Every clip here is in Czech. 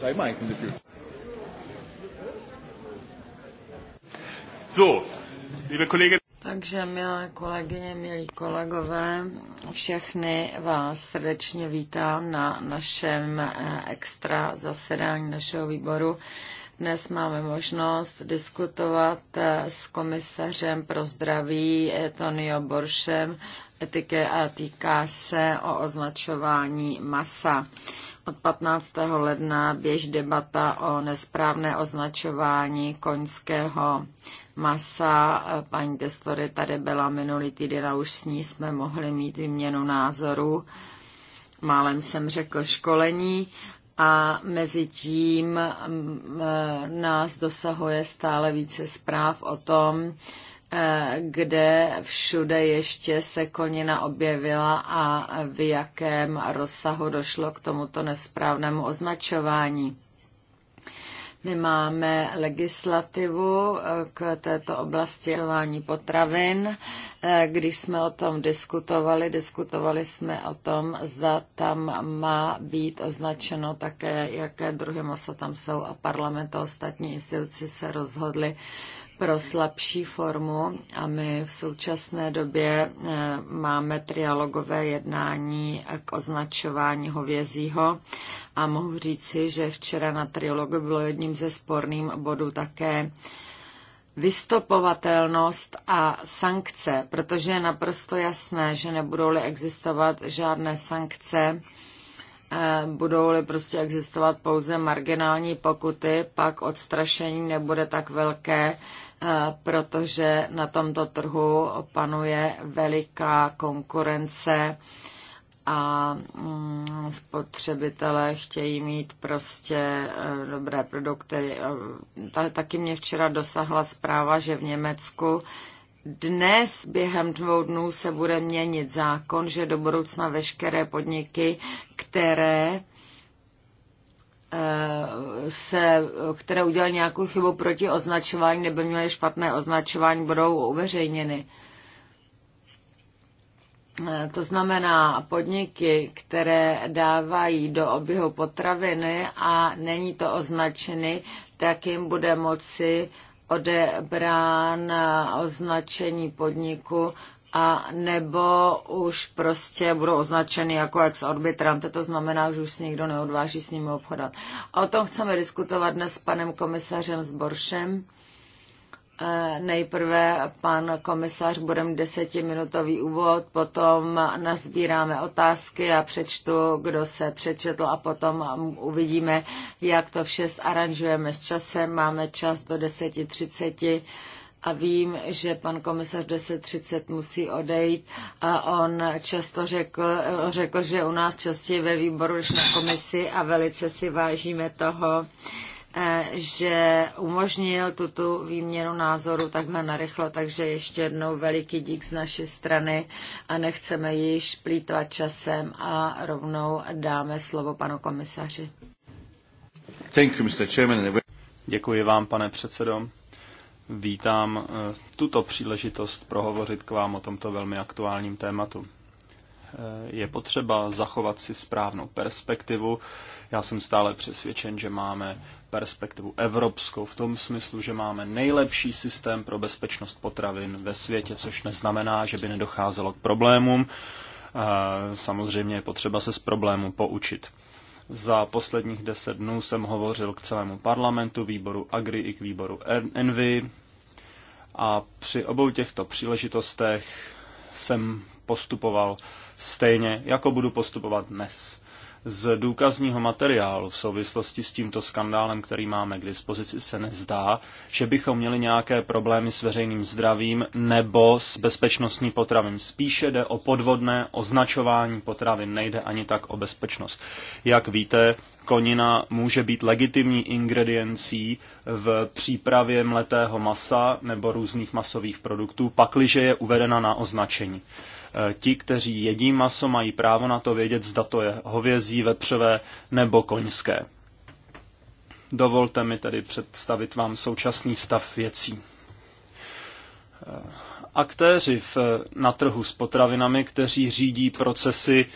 So I might in the future. So, liebe Kollegin. Takže, milé kolegyně, milí kolegové, všechny vás srdečně vítám na našem eh, extra zasedání našeho výboru. Dnes máme možnost diskutovat eh, s komisařem pro zdraví Tonio Boršem etiky a týká se o označování masa. Od 15. ledna běž debata o nesprávné označování koňského masa. Paní Testory tady byla minulý týden a už s ní jsme mohli mít výměnu názoru. Málem jsem řekl školení a mezi tím mm, e, nás dosahuje stále více zpráv o tom, Eh, kde všude ještě se konina objevila a v jakém rozsahu došlo k tomuto nesprávnému označování. My máme legislativu eh, k této oblasti chování potravin. Eh, když jsme o tom diskutovali, diskutovali jsme o tom, zda tam má být označeno také, jaké druhy masa tam jsou a parlament a ostatní instituci se rozhodli pro slabší formu a my v současné době eh, máme trialogové jednání k označování hovězího a mohu říci, že včera na trialogu bylo jedním ze sporným bodů také vystopovatelnost a sankce, protože je naprosto jasné, že nebudou-li existovat žádné sankce, eh, budou-li prostě existovat pouze marginální pokuty, pak odstrašení nebude tak velké, protože na tomto trhu panuje veliká konkurence a mm, spotřebitelé chtějí mít prostě eh, dobré produkty. Eh, taky mě včera dosahla zpráva, že v Německu dnes během dvou dnů se bude měnit zákon, že do budoucna veškeré podniky, které Eh, se, které udělali nějakou chybu proti označování nebo měli špatné označování, budou uveřejněny. Eh, to znamená podniky, které dávají do oběhu potraviny a není to označeny, tak jim bude moci odebrán označení podniku a nebo už prostě budou označeny jako ex orbitrante, to znamená, že už si nikdo neodváží s nimi obchodat. o tom chceme diskutovat dnes s panem komisařem Zboršem. Eh, nejprve pan komisař bude mít desetiminutový úvod, potom nazbíráme otázky a přečtu, kdo se přečetl a potom uvidíme, jak to vše zaranžujeme s časem. Máme čas do 10.30 a vím, že pan komisař 10.30 musí odejít a on často řekl, řekl, že u nás častěji ve výboru než na komisi a velice si vážíme toho, eh, že umožnil tuto výměnu názoru takhle narychlo, takže ještě jednou veliký dík z naší strany a nechceme již plítvat časem a rovnou dáme slovo panu komisaři. Děkuji vám, pane předsedo vítám eh, tuto příležitost prohovořit k vám o tomto velmi aktuálním tématu. Eh, je potřeba zachovat si správnou perspektivu. Já jsem stále přesvědčen, že máme perspektivu evropskou v tom smyslu, že máme nejlepší systém pro bezpečnost potravin ve světě, což neznamená, že by nedocházelo k problémům. Eh, samozřejmě je potřeba se z problému poučit. Za posledních deset dnů jsem hovořil k celému parlamentu, výboru Agri i k výboru Envy a při obou těchto příležitostech jsem postupoval stejně, jako budu postupovat dnes z důkazního materiálu v souvislosti s tímto skandálem, který máme k dispozici, se nezdá, že bychom měli nějaké problémy s veřejným zdravím nebo s bezpečnostní potravin. Spíše jde o podvodné označování potravin, nejde ani tak o bezpečnost. Jak víte, konina může být legitimní ingrediencí v přípravě mletého masa nebo různých masových produktů, pakliže je uvedena na označení. Eh, ti, kteří jedí maso, mají právo na to vědět, zda to je hovězí, vepřové nebo koňské. Dovolte mi tedy představit vám současný stav věcí. Eh, aktéři v, na trhu s potravinami, kteří řídí procesy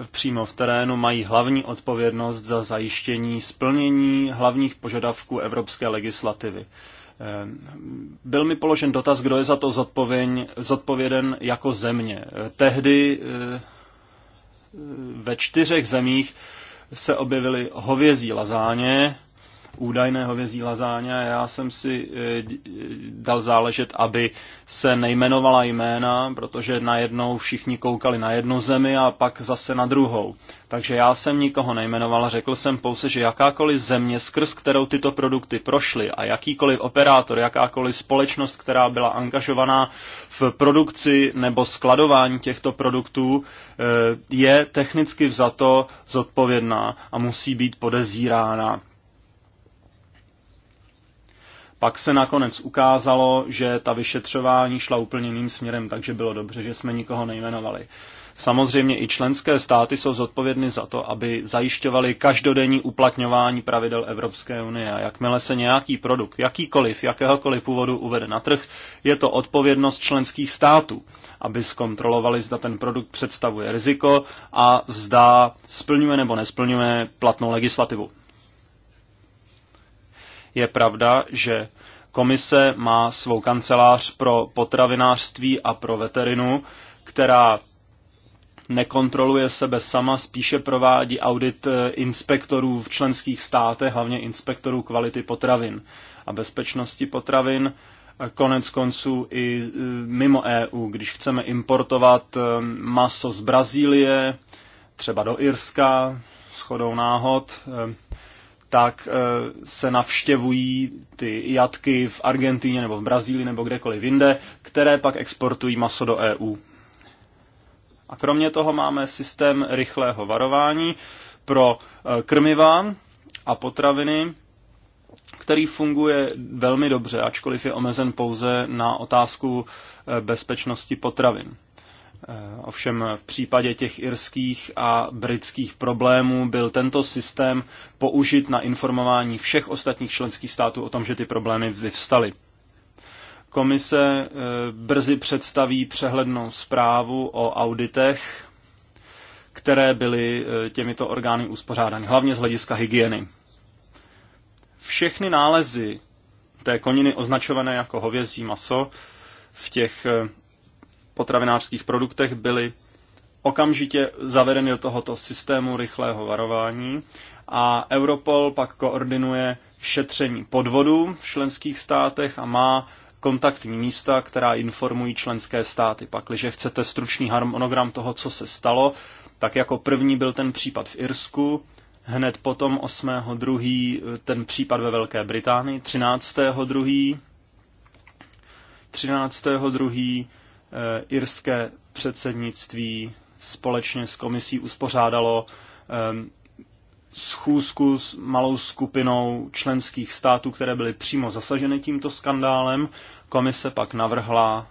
eh, přímo v terénu, mají hlavní odpovědnost za zajištění splnění hlavních požadavků evropské legislativy. Eh, byl mi položen dotaz, kdo je za to zodpověden jako země. Eh, tehdy eh, ve čtyřech zemích se objevily hovězí lazáně, údajné hovězí lazáně a já jsem si eh, dal záležet, aby se nejmenovala jména, protože najednou všichni koukali na jednu zemi a pak zase na druhou. Takže já jsem nikoho nejmenoval, řekl jsem pouze, že jakákoliv země, skrz kterou tyto produkty prošly a jakýkoliv operátor, jakákoliv společnost, která byla angažovaná v produkci nebo skladování těchto produktů, eh, je technicky vzato zodpovědná a musí být podezírána pak se nakonec ukázalo, že ta vyšetřování šla úplně jiným směrem, takže bylo dobře, že jsme nikoho nejmenovali. Samozřejmě i členské státy jsou zodpovědny za to, aby zajišťovali každodenní uplatňování pravidel Evropské unie. A jakmile se nějaký produkt, jakýkoliv, jakéhokoliv původu uvede na trh, je to odpovědnost členských států, aby zkontrolovali, zda ten produkt představuje riziko a zda splňuje nebo nesplňuje platnou legislativu. Je pravda, že komise má svou kancelář pro potravinářství a pro veterinu, která nekontroluje sebe sama, spíše provádí audit eh, inspektorů v členských státech, hlavně inspektorů kvality potravin a bezpečnosti potravin. Konec konců i eh, mimo EU, když chceme importovat eh, maso z Brazílie, třeba do Irska, shodou náhod, tak eh, se navštěvují ty jatky v Argentíně nebo v Brazílii nebo kdekoliv jinde, které pak exportují maso do EU. A kromě toho máme systém rychlého varování pro eh, krmiva a potraviny, který funguje velmi dobře, ačkoliv je omezen pouze na otázku eh, bezpečnosti potravin. Eh, ovšem v případě těch irských a britských problémů byl tento systém použit na informování všech ostatních členských států o tom, že ty problémy vyvstaly. Komise eh, brzy představí přehlednou zprávu o auditech, které byly eh, těmito orgány uspořádány, hlavně z hlediska hygieny. Všechny nálezy té koniny označované jako hovězí maso v těch potravinářských produktech byly okamžitě zavedeny do tohoto systému rychlého varování a Europol pak koordinuje šetření podvodů v členských státech a má kontaktní místa, která informují členské státy. Pak, když chcete stručný harmonogram toho, co se stalo, tak jako první byl ten případ v Irsku, hned potom 8.2. ten případ ve Velké Británii, 13.2. 13.2. Eh, irské předsednictví společně s komisí uspořádalo schůzku s malou skupinou členských států, které byly přímo zasaženy tímto skandálem. Komise pak navrhla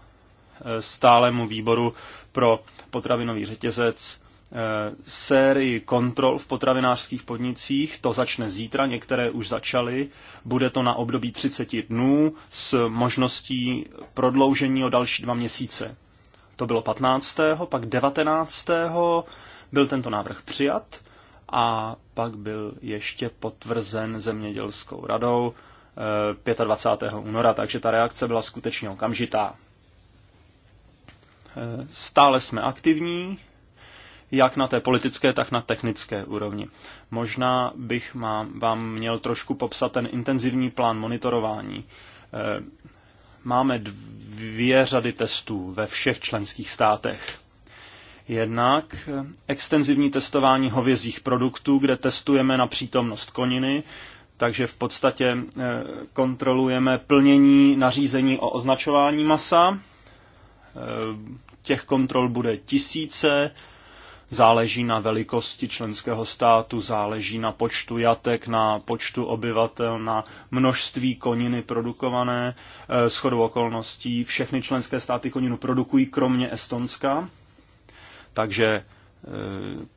eh, stálemu výboru pro potravinový řetězec Eh, sérii kontrol v potravinářských podnicích. To začne zítra, některé už začaly. Bude to na období 30 dnů s možností prodloužení o další dva měsíce. To bylo 15. pak 19. byl tento návrh přijat a pak byl ještě potvrzen zemědělskou radou 25. Eh, února, takže ta reakce byla skutečně okamžitá. Eh, stále jsme aktivní, jak na té politické, tak na technické úrovni. Možná bych mám, vám měl trošku popsat ten intenzivní plán monitorování. Eh, máme dvě řady testů ve všech členských státech. Jednak eh, extenzivní testování hovězích produktů, kde testujeme na přítomnost koniny, takže v podstatě eh, kontrolujeme plnění nařízení o označování masa. Těch kontrol bude tisíce, záleží na velikosti členského státu, záleží na počtu jatek, na počtu obyvatel, na množství koniny produkované. Eh, S chodou okolností všechny členské státy koninu produkují, kromě Estonska. Takže eh,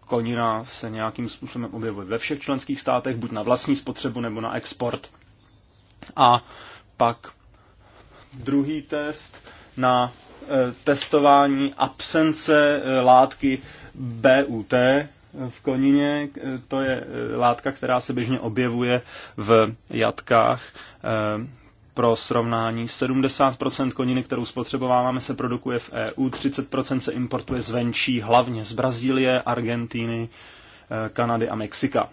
konina se nějakým způsobem objevuje ve všech členských státech, buď na vlastní spotřebu nebo na export. A pak druhý test na eh, testování absence látky BUT v konině, to je eh, látka, která se běžně objevuje v jatkách. Eh, pro srovnání, 70% koniny, kterou spotřebováváme, se produkuje v EU, 30% se importuje zvenčí, hlavně z Brazílie, Argentíny, eh, Kanady a Mexika.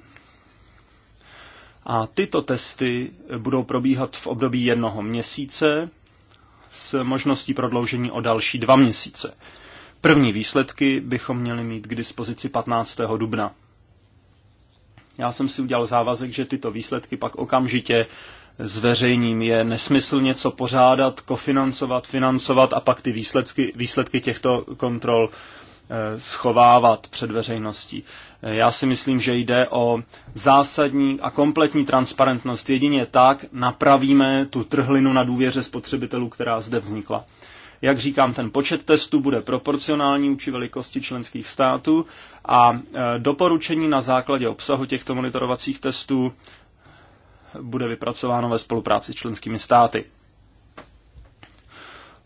A tyto testy budou probíhat v období jednoho měsíce s možností prodloužení o další dva měsíce. První výsledky bychom měli mít k dispozici 15. dubna. Já jsem si udělal závazek, že tyto výsledky pak okamžitě zveřejním. Je nesmysl něco pořádat, kofinancovat, financovat a pak ty výsledky, výsledky těchto kontrol eh, schovávat před veřejností. Eh, já si myslím, že jde o zásadní a kompletní transparentnost. Jedině tak napravíme tu trhlinu na důvěře spotřebitelů, která zde vznikla. Jak říkám, ten počet testů bude proporcionální uči velikosti členských států a e, doporučení na základě obsahu těchto monitorovacích testů bude vypracováno ve spolupráci s členskými státy.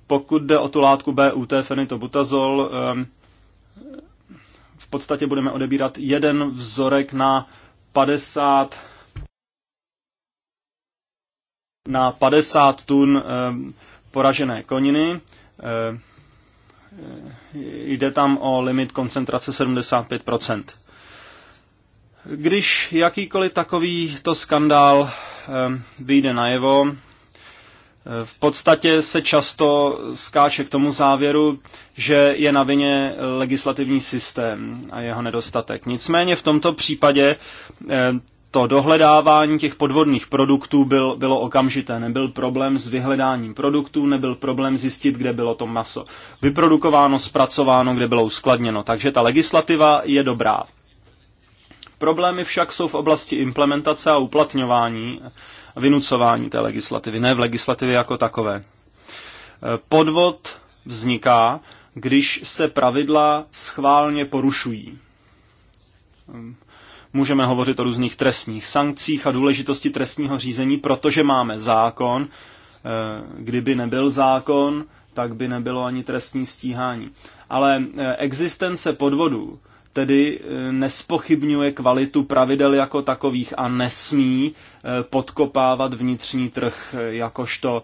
Pokud jde o tu látku BUT fenitobutazol, e, v podstatě budeme odebírat jeden vzorek na 50 na 50 tun e, poražené koniny Eh, jde tam o limit koncentrace 75%. Když jakýkoliv takový to skandál eh, vyjde najevo, eh, v podstatě se často skáče k tomu závěru, že je na vině legislativní systém a jeho nedostatek. Nicméně v tomto případě to dohledávání těch podvodných produktů byl, bylo okamžité. Nebyl problém s vyhledáním produktů, nebyl problém zjistit, kde bylo to maso vyprodukováno, zpracováno, kde bylo uskladněno. Takže ta legislativa je dobrá. Problémy však jsou v oblasti implementace a uplatňování, vynucování té legislativy, ne v legislativě jako takové. Podvod vzniká, když se pravidla schválně porušují Můžeme hovořit o různých trestních sankcích a důležitosti trestního řízení, protože máme zákon. Eh, kdyby nebyl zákon, tak by nebylo ani trestní stíhání. Ale eh, existence podvodů tedy eh, nespochybňuje kvalitu pravidel jako takových a nesmí podkopávat vnitřní trh jakožto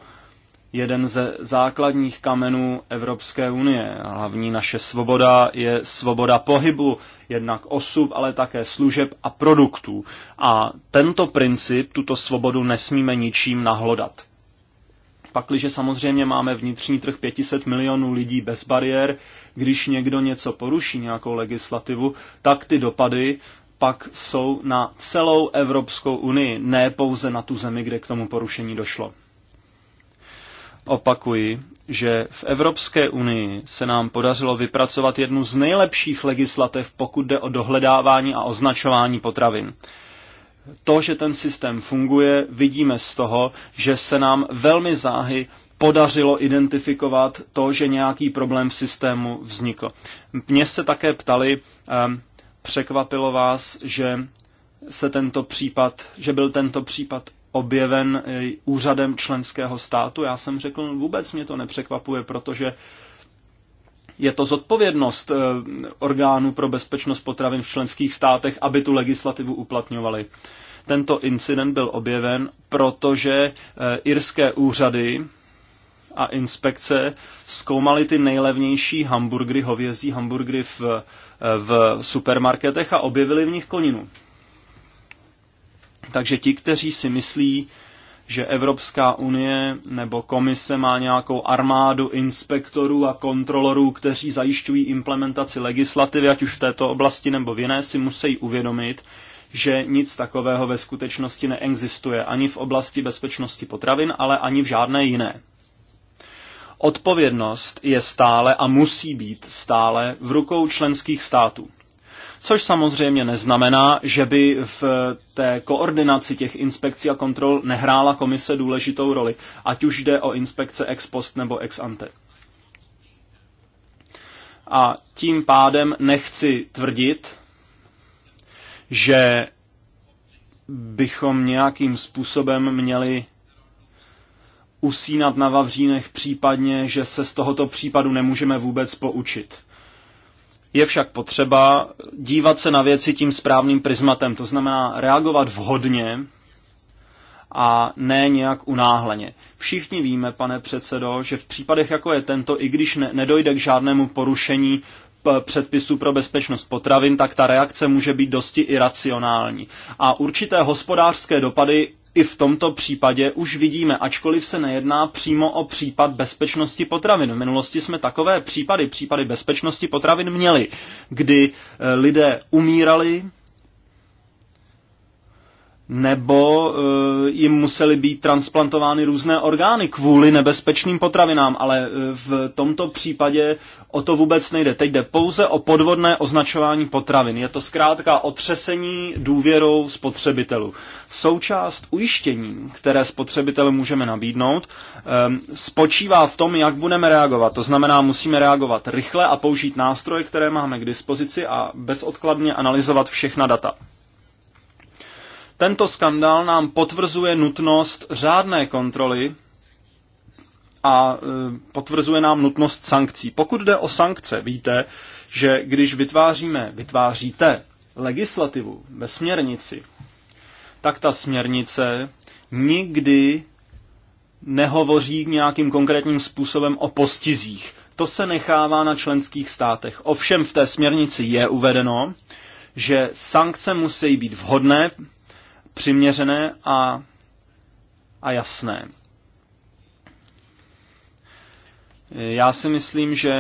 jeden ze základních kamenů Evropské unie. Hlavní naše svoboda je svoboda pohybu, jednak osob, ale také služeb a produktů. A tento princip, tuto svobodu nesmíme ničím nahlodat. Pakliže samozřejmě máme vnitřní trh 500 milionů lidí bez bariér, když někdo něco poruší, nějakou legislativu, tak ty dopady pak jsou na celou Evropskou unii, ne pouze na tu zemi, kde k tomu porušení došlo. Opakuji, že v Evropské unii se nám podařilo vypracovat jednu z nejlepších legislativ, pokud jde o dohledávání a označování potravin. To, že ten systém funguje, vidíme z toho, že se nám velmi záhy podařilo identifikovat to, že nějaký problém v systému vznikl. Mně se také ptali, ehm, překvapilo vás, že se tento případ, že byl tento případ objeven e, úřadem členského státu. Já jsem řekl, no, vůbec mě to nepřekvapuje, protože je to zodpovědnost e, orgánů pro bezpečnost potravin v členských státech, aby tu legislativu uplatňovali. Tento incident byl objeven, protože e, irské úřady a inspekce zkoumaly ty nejlevnější hamburgery, hovězí hamburgery v, v supermarketech a objevili v nich koninu. Takže ti, kteří si myslí, že Evropská unie nebo komise má nějakou armádu inspektorů a kontrolorů, kteří zajišťují implementaci legislativy, ať už v této oblasti nebo v jiné, si musí uvědomit, že nic takového ve skutečnosti neexistuje ani v oblasti bezpečnosti potravin, ale ani v žádné jiné. Odpovědnost je stále a musí být stále v rukou členských států což samozřejmě neznamená, že by v eh, té koordinaci těch inspekcí a kontrol nehrála komise důležitou roli, ať už jde o inspekce ex post nebo ex ante. A tím pádem nechci tvrdit, že bychom nějakým způsobem měli usínat na Vavřínech, případně, že se z tohoto případu nemůžeme vůbec poučit. Je však potřeba dívat se na věci tím správným prismatem, to znamená reagovat vhodně a ne nějak unáhleně. Všichni víme, pane předsedo, že v případech jako je tento, i když ne, nedojde k žádnému porušení předpisů pro bezpečnost potravin, tak ta reakce může být dosti iracionální. A určité hospodářské dopady i v tomto případě už vidíme, ačkoliv se nejedná přímo o případ bezpečnosti potravin. V minulosti jsme takové případy, případy bezpečnosti potravin měli, kdy eh, lidé umírali nebo eh, jim museli být transplantovány různé orgány kvůli nebezpečným potravinám, ale eh, v tomto případě o to vůbec nejde. Teď jde pouze o podvodné označování potravin. Je to zkrátka otřesení důvěrou spotřebitelů. Součást ujištění, které spotřebiteli můžeme nabídnout, ehm, spočívá v tom, jak budeme reagovat. To znamená, musíme reagovat rychle a použít nástroje, které máme k dispozici a bezodkladně analyzovat všechna data. Tento skandál nám potvrzuje nutnost řádné kontroly a e, potvrzuje nám nutnost sankcí. Pokud jde o sankce, víte, že když vytváříme, vytváříte legislativu ve směrnici, tak ta směrnice nikdy nehovoří nějakým konkrétním způsobem o postizích. To se nechává na členských státech. Ovšem v té směrnici je uvedeno, že sankce musí být vhodné přiměřené a, a jasné. Já si myslím, že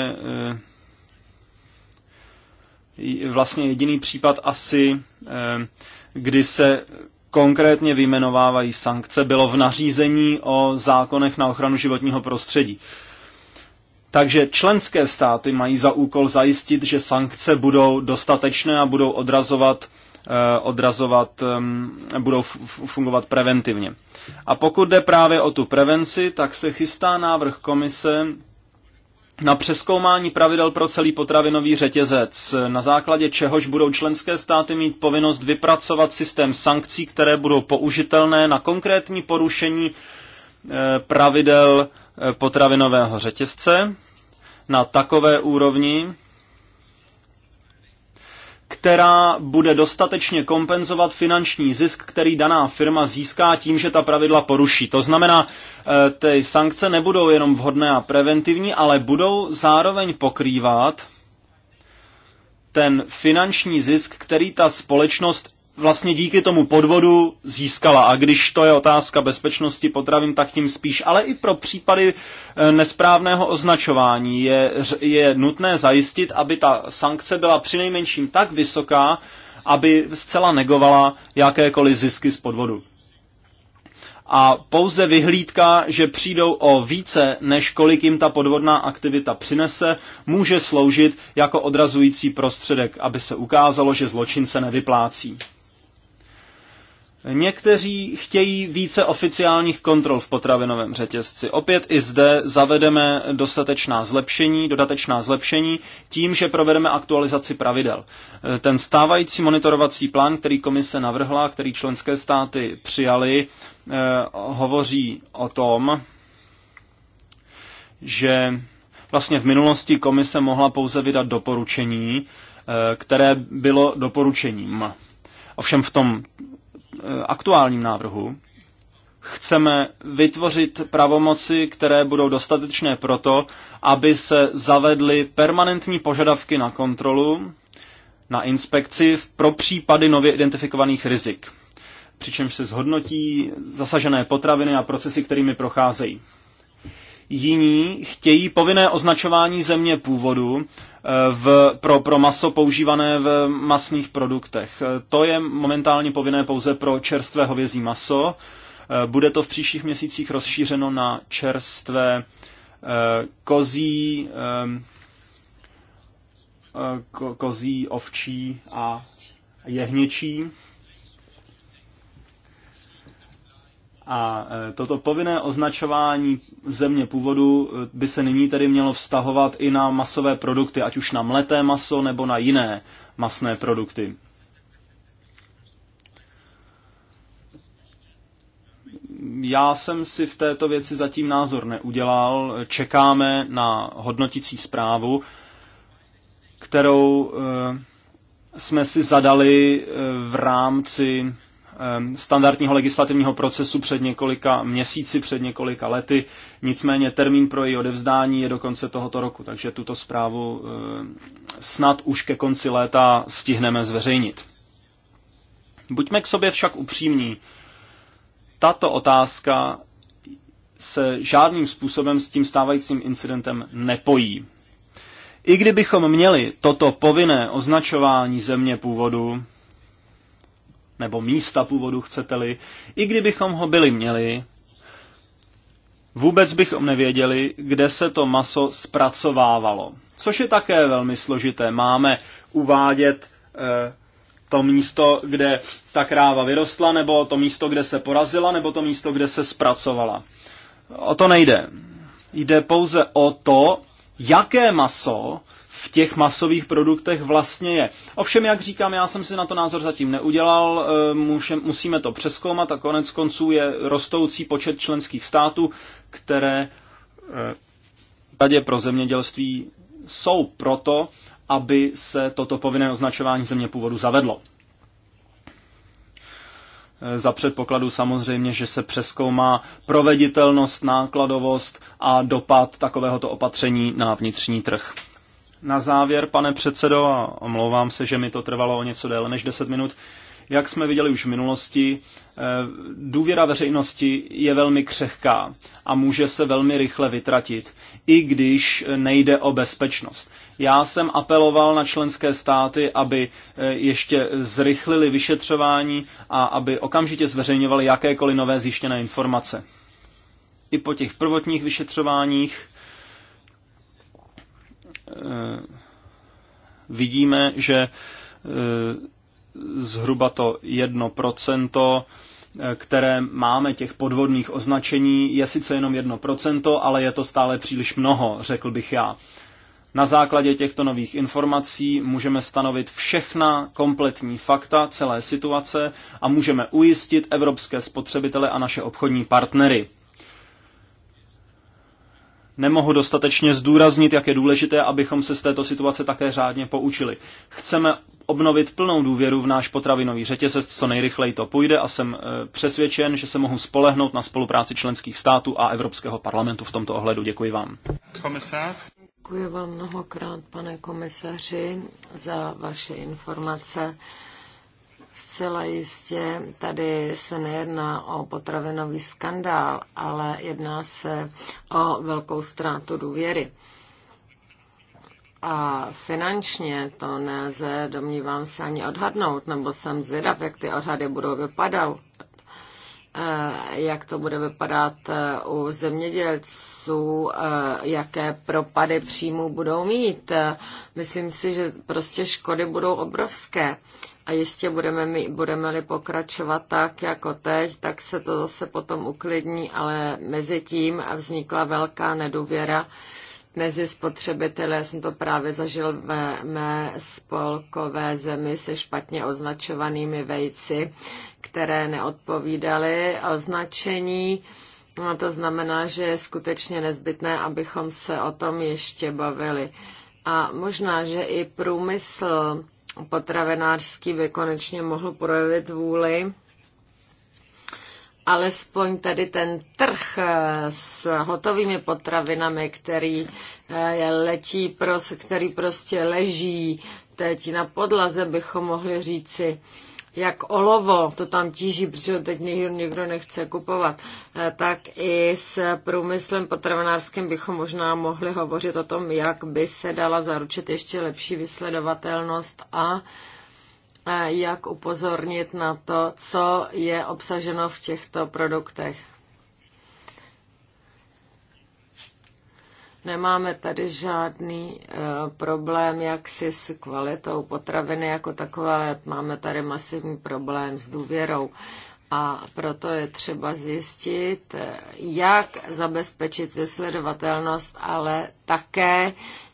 eh, vlastně jediný případ asi, eh, kdy se konkrétně vyjmenovávají sankce, bylo v nařízení o zákonech na ochranu životního prostředí. Takže členské státy mají za úkol zajistit, že sankce budou dostatečné a budou odrazovat Eh, odrazovat, budou fungovat preventivně. A pokud jde právě o tu prevenci, tak se chystá návrh komise na přeskoumání pravidel pro celý potravinový řetězec, na základě čehož budou členské státy mít povinnost vypracovat systém sankcí, které budou použitelné na konkrétní porušení eh, pravidel eh, potravinového řetězce na takové úrovni, která bude dostatečně kompenzovat finanční zisk, který daná firma získá tím, že ta pravidla poruší. To znamená, eh, ty sankce nebudou jenom vhodné a preventivní, ale budou zároveň pokrývat ten finanční zisk, který ta společnost vlastně díky tomu podvodu získala. A když to je otázka bezpečnosti potravin, tak tím spíš. Ale i pro případy e, nesprávného označování je, je nutné zajistit, aby ta sankce byla přinejmenším tak vysoká, aby zcela negovala jakékoliv zisky z podvodu. A pouze vyhlídka, že přijdou o více, než kolik jim ta podvodná aktivita přinese, může sloužit jako odrazující prostředek, aby se ukázalo, že zločin se nevyplácí. Někteří chtějí více oficiálních kontrol v potravinovém řetězci. Opět i zde zavedeme dostatečná zlepšení, dodatečná zlepšení tím, že provedeme aktualizaci pravidel. E, ten stávající monitorovací plán, který komise navrhla, který členské státy přijali, e, hovoří o tom, že vlastně v minulosti komise mohla pouze vydat doporučení, e, které bylo doporučením. Ovšem v tom Eh, aktuálním návrhu chceme vytvořit pravomoci, které budou dostatečné proto, aby se zavedly permanentní požadavky na kontrolu, na inspekci pro případy nově identifikovaných rizik, přičemž se zhodnotí zasažené potraviny a procesy, kterými procházejí. Jiní chtějí povinné označování země původu eh, v, pro, pro maso používané v masných produktech. Eh, to je momentálně povinné pouze pro čerstvé hovězí maso. Eh, bude to v příštích měsících rozšířeno na čerstvé kozí, ko, kozí, ovčí a jehněčí. A e, toto povinné označování země původu e, by se nyní tedy mělo vztahovat i na masové produkty, ať už na mleté maso nebo na jiné masné produkty. Já jsem si v této věci zatím názor neudělal. Čekáme na hodnotící zprávu, kterou e, jsme si zadali v rámci standardního legislativního procesu před několika měsíci, před několika lety. Nicméně termín pro její odevzdání je do konce tohoto roku, takže tuto zprávu snad už ke konci léta stihneme zveřejnit. Buďme k sobě však upřímní. Tato otázka se žádným způsobem s tím stávajícím incidentem nepojí. I kdybychom měli toto povinné označování země původu, nebo místa původu chcete-li, i kdybychom ho byli měli, vůbec bychom nevěděli, kde se to maso zpracovávalo. Což je také velmi složité. Máme uvádět eh, to místo, kde ta kráva vyrostla, nebo to místo, kde se porazila, nebo to místo, kde se zpracovala. O to nejde. Jde pouze o to, jaké maso v těch masových produktech vlastně je. Ovšem, jak říkám, já jsem si na to názor zatím neudělal, eh, musíme to přeskoumat a konec konců je rostoucí počet členských států, které eh, radě pro zemědělství jsou proto, aby se toto povinné označování země původu zavedlo. Eh, za předpokladu samozřejmě, že se přeskoumá proveditelnost, nákladovost a dopad takovéhoto opatření na vnitřní trh. Na závěr, pane předsedo, a omlouvám se, že mi to trvalo o něco déle než 10 minut, jak jsme viděli už v minulosti, eh, důvěra veřejnosti je velmi křehká a může se velmi rychle vytratit, i když nejde o bezpečnost. Já jsem apeloval na členské státy, aby eh, ještě zrychlili vyšetřování a aby okamžitě zveřejňovali jakékoliv nové zjištěné informace. I po těch prvotních vyšetřováních Eh, vidíme, že eh, zhruba to 1%, eh, které máme těch podvodných označení, je sice jenom 1%, ale je to stále příliš mnoho, řekl bych já. Na základě těchto nových informací můžeme stanovit všechna kompletní fakta celé situace a můžeme ujistit evropské spotřebitele a naše obchodní partnery nemohu dostatečně zdůraznit, jak je důležité, abychom se z této situace také řádně poučili. Chceme obnovit plnou důvěru v náš potravinový řetězec, co nejrychleji to půjde a jsem e, přesvědčen, že se mohu spolehnout na spolupráci členských států a Evropského parlamentu v tomto ohledu. Děkuji vám. Komisář. Děkuji vám mnohokrát, pane komisaři, za vaše informace. Zcela jistě tady se nejedná o potravinový skandál, ale jedná se o velkou ztrátu důvěry. A finančně to nelze, domnívám se, ani odhadnout, nebo jsem zvědav, jak ty odhady budou vypadat, eh, jak to bude vypadat eh, u zemědělců, eh, jaké propady příjmů budou mít. Myslím si, že prostě škody budou obrovské. A jistě budeme, my, budeme-li pokračovat tak, jako teď, tak se to zase potom uklidní, ale mezi tím vznikla velká nedůvěra mezi spotřebiteli. Já jsem to právě zažil ve mé spolkové zemi se špatně označovanými vejci, které neodpovídaly označení. No to znamená, že je skutečně nezbytné, abychom se o tom ještě bavili. A možná, že i průmysl potravinářský by konečně mohl projevit vůli alespoň tady ten trh eh, s hotovými potravinami, který eh, letí, pros, který prostě leží teď na podlaze, bychom mohli říci, jak olovo, to tam tíží, protože teď nikdo nechce kupovat, eh, tak i s průmyslem potravinářským bychom možná mohli hovořit o tom, jak by se dala zaručit ještě lepší vysledovatelnost a eh, jak upozornit na to, co je obsaženo v těchto produktech. Nemáme tady žádný e, problém jaksi s kvalitou potraviny jako takové, ale máme tady masivní problém s důvěrou. A proto je třeba zjistit, eh, jak zabezpečit vysledovatelnost, ale také,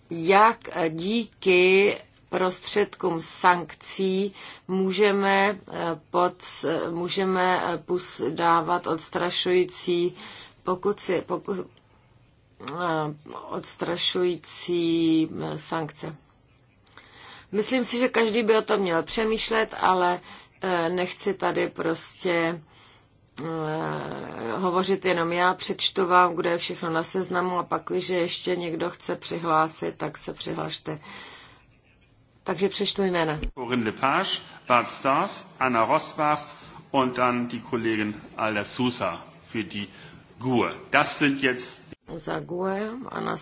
jak díky prostředkům sankcí můžeme, eh, pod, můžeme dávat odstrašující si, pokud, Eh, odstrašující eh, sankce. Myslím si, že každý by o tom měl přemýšlet, ale eh, nechci tady prostě hovořit jenom já, přečtu vám, kde je všechno na seznamu a pak, když ještě někdo chce přihlásit, tak se přihlašte. Takže přečtu jména. Corinne Lepage, Bart Stars, Anna Rosbach und dann die Kollegin Alda Sousa für die GUE. Das sind jetzt Zague, Ana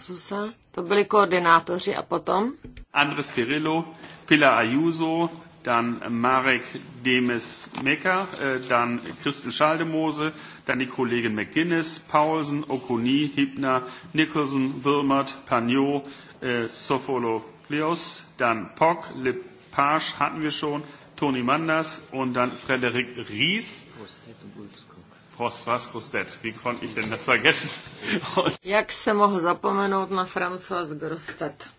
to byli koordinátoři a potom? Andres Pirillo, Pilar Ayuso, dann Marek Demes-Mecker, eh, dann Kristen Schaldemose, dann die Kollegin McGuinness, Paulsen, Okuni, Hibner, Nicholson, Wilmert, Pagnot, eh, Sophologlios, dann Pock, Lepage hatten wir schon, Toni Manders und dann Frederik Ries. Großtedt und Ulfskog. François Wie konnte ich denn das vergessen? Jak se mohl zapomenout na François Grostet?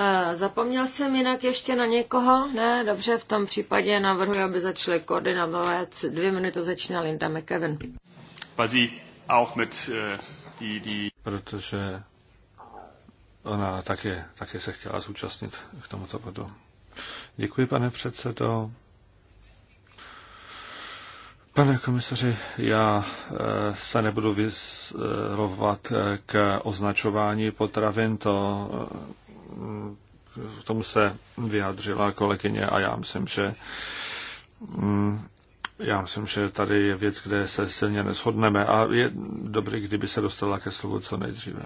Eh, zapomněl jsem jinak ještě na někoho? Ne, dobře, v tom případě navrhuji, aby začaly koordinatové. Dvě minuty začíná Linda McKevin. Auch mit, eh, die, die... Protože ona taky, taky se chtěla zúčastnit k tomuto bodu. Děkuji, pane předsedo. Pane komisaři, já eh, se nebudu vyslovovat eh, k označování potravin, to eh, k tomu se vyjádřila kolegyně a já myslím, že mm, já myslím, že tady je věc, kde se silně neshodneme a je dobrý, kdyby se dostala ke slovu co nejdříve.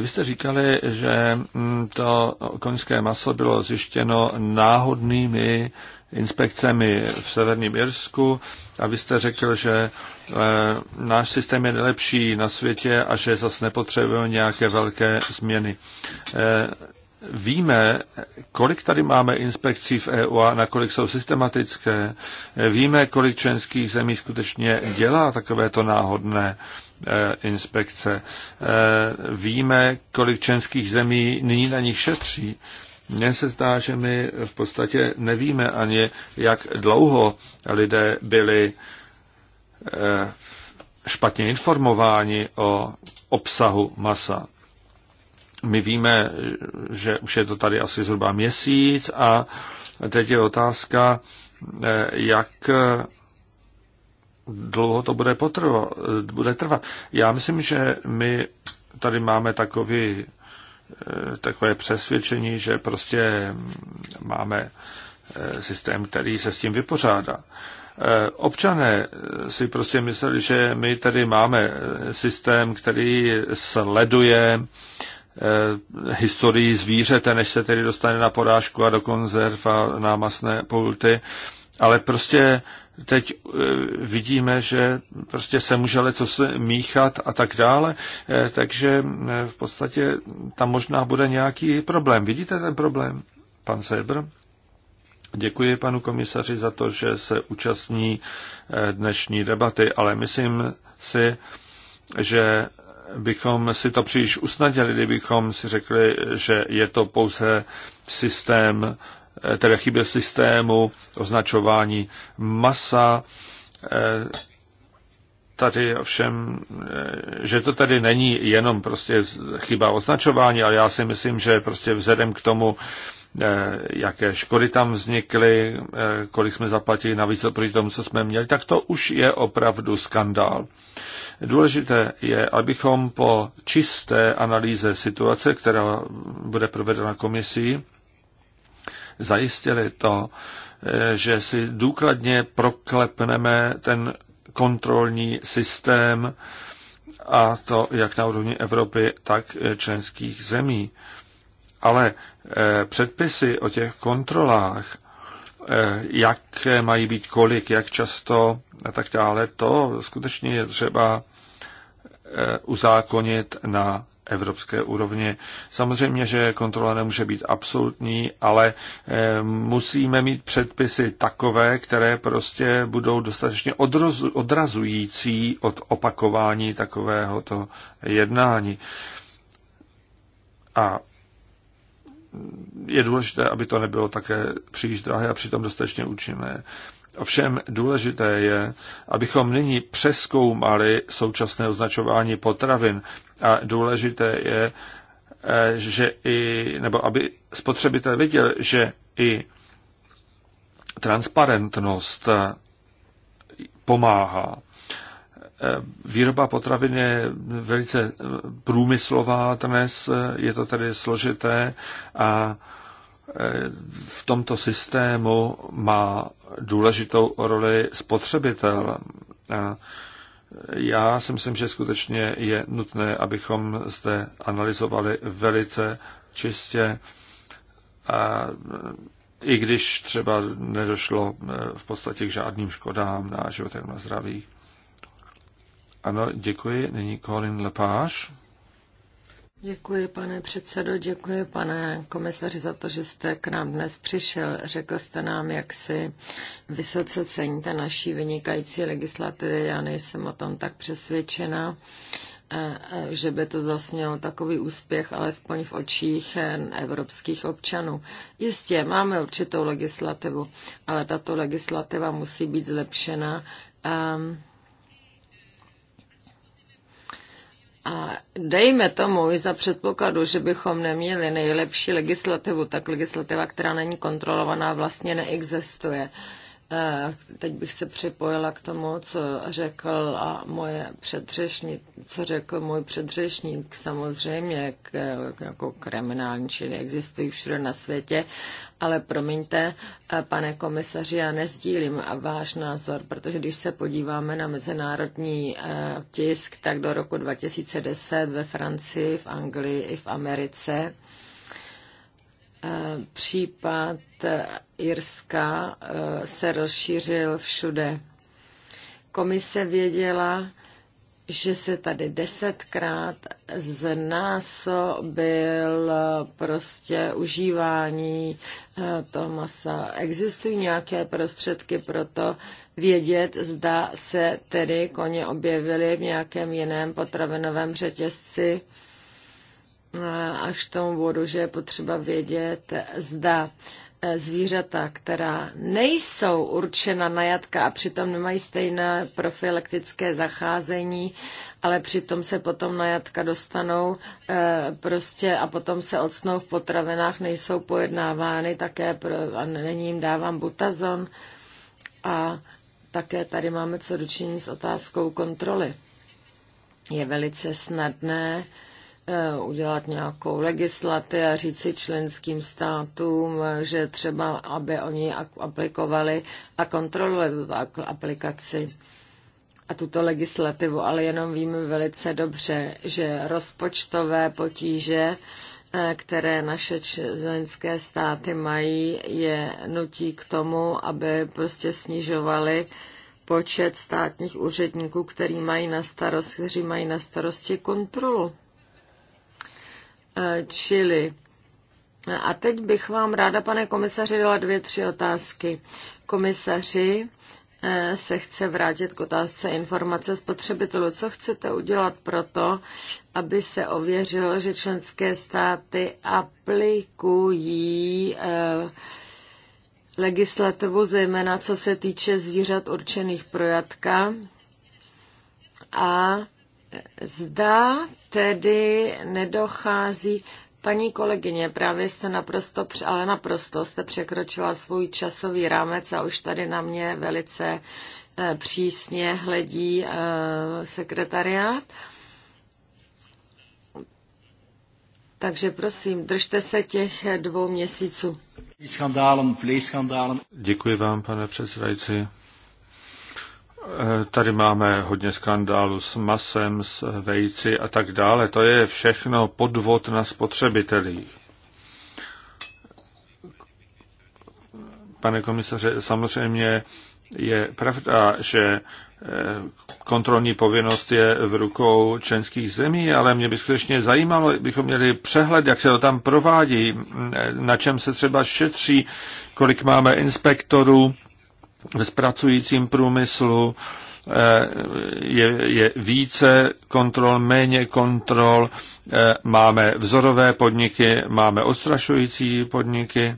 Vy jste říkali, že mm, to koňské maso bylo zjištěno náhodnými inspekcemi v Severním Irsku a vy jste řekl, že e, náš systém je nejlepší na světě a že zase nepotřebujeme nějaké velké změny. E, víme, kolik tady máme inspekcí v EU a nakolik jsou systematické. E, víme, kolik členských zemí skutečně dělá takovéto náhodné inspekce. Víme, kolik členských zemí nyní na nich šetří. Mně se zdá, že my v podstatě nevíme ani, jak dlouho lidé byli eh, špatně informováni o obsahu masa. My víme, že už je to tady asi zhruba měsíc a teď je otázka, eh, jak dlouho to bude, potrvo, bude trvat. Já myslím, že my tady máme takový Eh, takové přesvědčení, že prostě máme eh, systém, který se s tím vypořádá. Eh, občané si prostě mysleli, že my tady máme systém, který sleduje historii zvířete, než se tedy dostane na porážku a do konzerv a námasné pulty, ale prostě teď eh, vidíme, že prostě se může co se míchat a tak dále, eh, takže eh, v podstatě tam možná bude nějaký problém. Vidíte ten problém, pan Sebr? Děkuji panu komisaři za to, že se účastní dnešní debaty, ale myslím si, že bychom si to příliš usnadili, kdybychom si řekli, že je to pouze systém Eh, tedy chyběl systému označování masa. Eh, tady ovšem, eh, že to tady není jenom prostě chyba označování, ale já si myslím, že prostě vzhledem k tomu, jaké škody tam vznikly, kolik jsme zaplatili navíc oproti tomu, co jsme měli, tak to už je opravdu skandál. Důležité je, abychom po čisté analýze situace, která bude provedena komisí, zajistili to, eh, že si důkladně proklepneme ten kontrolní systém a to jak na úrovni Evropy, tak eh, členských zemí. Ale eh, předpisy o těch kontrolách, jak mají být kolik, jak často a tak dále, to skutečně je třeba uzákonit na evropské úrovni. Samozřejmě, že kontrola nemůže být absolutní, ale eh, musíme mít předpisy takové, které prostě budou dostatečně odrazující od opakování takovéhoto jednání. A je důležité, aby to nebylo také příliš drahé a přitom dostatečně účinné. Ovšem důležité je, abychom nyní přeskoumali současné označování potravin a důležité je, eh, že i, nebo aby spotřebitel viděl, že i transparentnost eh, pomáhá. Eh, výroba potravin je velice průmyslová dnes, je to tady složité a v tomto systému má důležitou roli spotřebitel. Já si myslím, že skutečně je nutné, abychom zde analyzovali velice čistě, a i když třeba nedošlo eh, v podstatě k žádným škodám na životech na zdraví. Ano, děkuji. Nyní Colin Lepage. Děkuji, pane předsedo, děkuji, pane komisaři, za to, že jste k nám dnes přišel. Řekl jste nám, jak si vysoce ceníte naší vynikající legislativy. Já nejsem o tom tak přesvědčena eh, eh, že by to zas mělo takový úspěch, alespoň v očích eh, evropských občanů. Jistě, máme určitou legislativu, ale tato legislativa musí být zlepšena. Um, A dejme tomu i za předpokladu, že bychom neměli nejlepší legislativu, tak legislativa, která není kontrolovaná, vlastně neexistuje. Uh, Eh, teď bych se připojila k tomu, co řekl a moje předřešník, co řekl můj předřešník. Samozřejmě k, jako kriminální činy existují všude na světě, ale promiňte, eh, pane komisaři, já nezdílím váš názor, protože když se podíváme na mezinárodní eh, tisk, tak do roku 2010 ve Francii, v Anglii i v Americe Eh, případ eh, Irska eh, se rozšířil všude. Komise věděla, že se tady desetkrát znásobil prostě užívání toho masa. Existují nějaké prostředky pro to vědět, zda se tedy koně objevily v nějakém jiném potravinovém řetězci? až k tomu bodu, že je potřeba vědět, zda e, zvířata, která nejsou určena na jatka a přitom nemají stejné profilaktické zacházení, ale přitom se potom na jatka dostanou e, prostě a potom se odsnou v potravinách, nejsou pojednávány, také pro, a není jim dávám butazon. A také tady máme co dočinit s otázkou kontroly. Je velice snadné Eh, udělat nějakou legislativu a si členským státům, že třeba, aby oni aplikovali a kontrolovali tuto aplikaci a tuto legislativu, ale jenom víme velice dobře, že rozpočtové potíže, eh, které naše členské státy mají, je nutí k tomu, aby prostě snižovali počet státních úředníků, který mají na starost, kteří mají na starosti kontrolu. Eh, čili a teď bych vám ráda, pane komisaři, dala dvě, tři otázky. Komisaři eh, se chce vrátit k otázce informace spotřebitelů. Co chcete udělat pro to aby se ověřilo, že členské státy aplikují eh, legislativu, zejména co se týče zvířat určených projatka A zda tedy nedochází Paní kolegyně, právě jste naprosto, ale naprosto jste překročila svůj časový rámec a už tady na mě velice eh, přísně hledí eh, sekretariát. Takže prosím, držte se těch dvou měsíců. Děkuji vám, pane předsedající. Eh, tady máme hodně skandálu s masem, s vejci a tak dále. To je všechno podvod na spotřebitelích. Pane komisaře, samozřejmě je pravda, že eh, kontrolní povinnost je v rukou členských zemí, ale mě by skutečně zajímalo, bychom měli přehled, jak se to tam provádí, eh, na čem se třeba šetří, kolik máme inspektorů, ve zpracujícím průmyslu, eh, je, je více kontrol, méně kontrol, eh, máme vzorové podniky, máme ostrašující podniky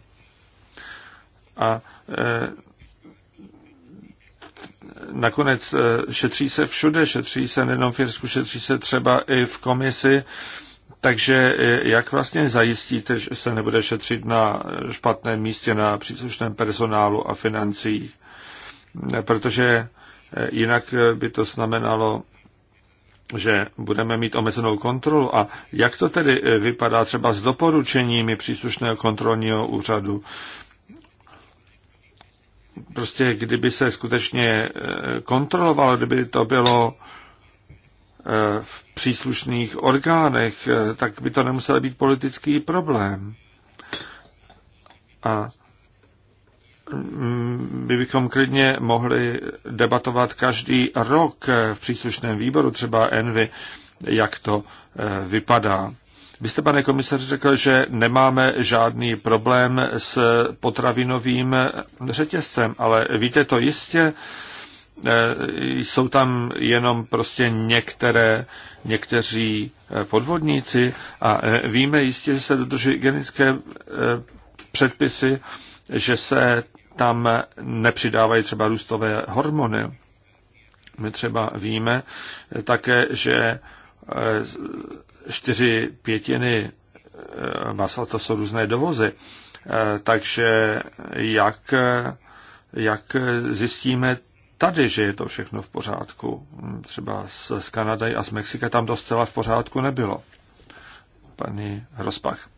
a eh, nakonec šetří se všude, šetří se nejenom v Jirsku, šetří se třeba i v komisi, takže jak vlastně zajistíte, že se nebude šetřit na špatném místě, na příslušném personálu a financích? protože eh, jinak eh, by to znamenalo, že budeme mít omezenou kontrolu. A jak to tedy eh, vypadá třeba s doporučeními příslušného kontrolního úřadu? Prostě kdyby se skutečně kontrolovalo, kdyby to bylo v příslušných orgánech, tak by to nemusel být politický problém. A by bychom klidně mohli debatovat každý rok v příslušném výboru, třeba Envy, jak to eh, vypadá. Vy jste, pane komisaři, řekl, že nemáme žádný problém s potravinovým eh, řetězcem, ale víte to jistě, eh, jsou tam jenom prostě některé, někteří podvodníci a víme jistě, že se dodržují genické předpisy, že se tam nepřidávají třeba růstové hormony. My třeba víme také, že e, čtyři pětiny e, masa, to jsou různé dovozy. E, takže jak, jak zjistíme tady, že je to všechno v pořádku? Třeba z, z Kanady a z Mexika tam to zcela v pořádku nebylo. Paní Hrospach.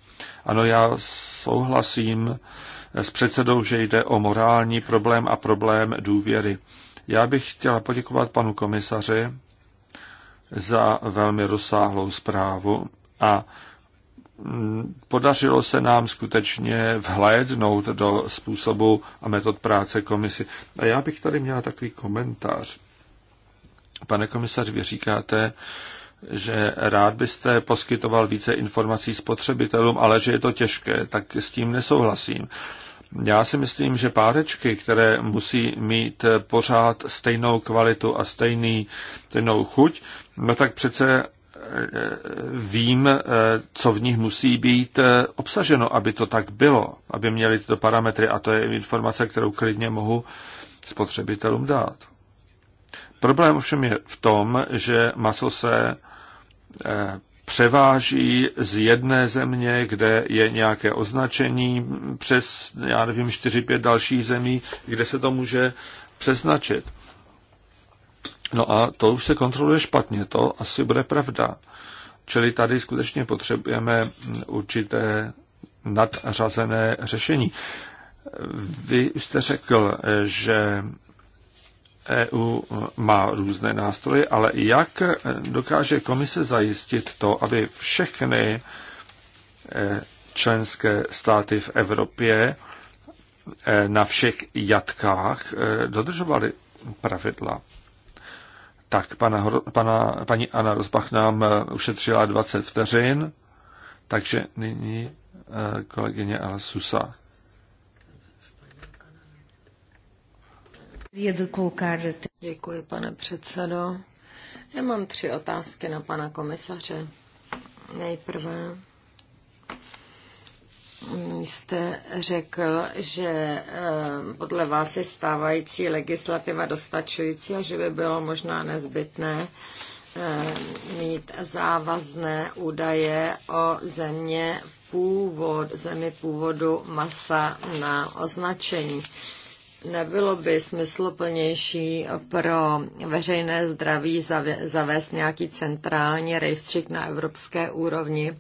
Ano, já souhlasím s předsedou, že jde o morální problém a problém důvěry. Já bych chtěla poděkovat panu komisaři za velmi rozsáhlou zprávu a mm, podařilo se nám skutečně vhlédnout do způsobu a metod práce komisy. A já bych tady měla takový komentář. Pane komisař, vy říkáte, že rád byste poskytoval více informací spotřebitelům, ale že je to těžké, tak s tím nesouhlasím. Já si myslím, že párečky, které musí mít pořád stejnou kvalitu a stejný, stejnou chuť, no tak přece eh, vím, eh, co v nich musí být eh, obsaženo, aby to tak bylo, aby měli tyto parametry a to je informace, kterou klidně mohu spotřebitelům dát. Problém ovšem je v tom, že maso se Eh, převáží z jedné země, kde je nějaké označení, přes, já nevím, 4-5 dalších zemí, kde se to může přeznačit. No a to už se kontroluje špatně, to asi bude pravda. Čili tady skutečně potřebujeme určité nadřazené řešení. Vy jste řekl, eh, že EU má různé nástroje, ale jak dokáže komise zajistit to, aby všechny e, členské státy v Evropě e, na všech jatkách e, dodržovaly pravidla? Tak, pana, pana, paní Anna Rozbach nám ušetřila 20 vteřin, takže nyní kolegyně Ala Susa. Děkuji, pane předsedo. Já mám tři otázky na pana komisaře. Nejprve jste řekl, že eh, podle vás je stávající legislativa dostačující a že by bylo možná nezbytné eh, mít závazné údaje o země původ, zemi původu masa na označení. Nebylo by smysluplnější pro veřejné zdraví zavést nějaký centrální rejstřík na evropské úrovni,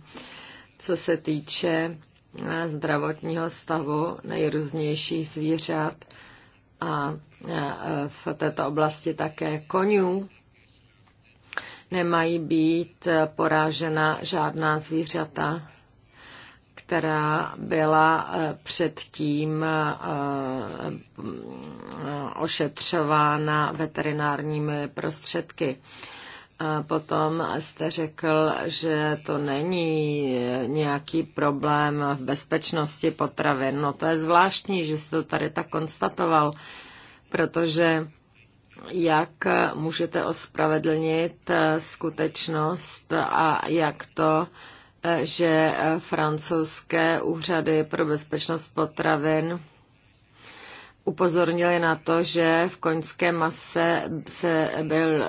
co se týče eh, zdravotního stavu nejrůznějších zvířat a eh, v této oblasti také konňů. Nemají být eh, porážena žádná zvířata která byla eh, předtím eh, ošetřována veterinárními prostředky. Eh, potom jste řekl, že to není nějaký problém v bezpečnosti potravin. No to je zvláštní, že jste to tady tak konstatoval, protože jak můžete ospravedlnit skutečnost a jak to uh, že francouzské úřady pro bezpečnost potravin upozornili na to, že v koňské mase se byl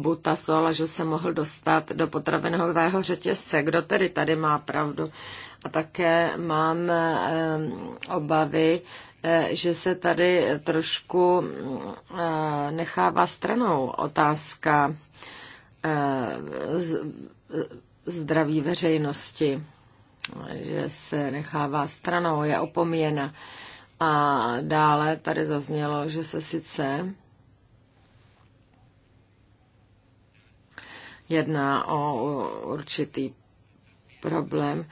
butasol a že se mohl dostat do potravinového řetězce. Kdo tedy tady má pravdu? A také mám obavy, eh, že se tady trošku eh, nechává stranou otázka eh, zdraví veřejnosti, že se nechává stranou, je opomíjena. A dále tady zaznělo, že se sice jedná o určitý problém,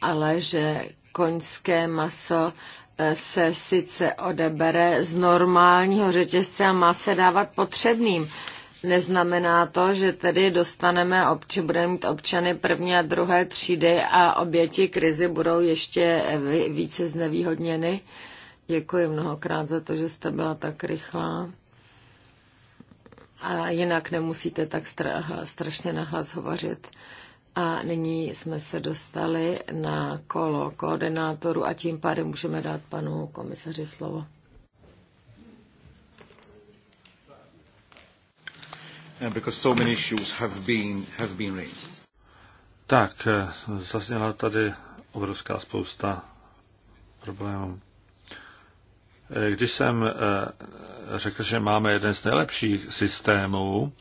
ale že koňské maso eh, se sice odebere z normálního řetězce a má se dávat potřebným. Neznamená to, že tedy dostaneme obči, budeme mít občany první a druhé třídy a oběti krizi budou ještě eh, více znevýhodněny. Děkuji mnohokrát za to, že jste byla tak rychlá. A jinak nemusíte tak stra- eh, strašně nahlas hovořit. A nyní jsme se dostali na kolo koordinátoru a tím pádem můžeme dát panu komisaři slovo. Uh, because so many issues have been, have been raised. Tak, eh, zazněla tady obrovská spousta problémů. Eh, když jsem eh, řekl, že máme jeden z nejlepších systémů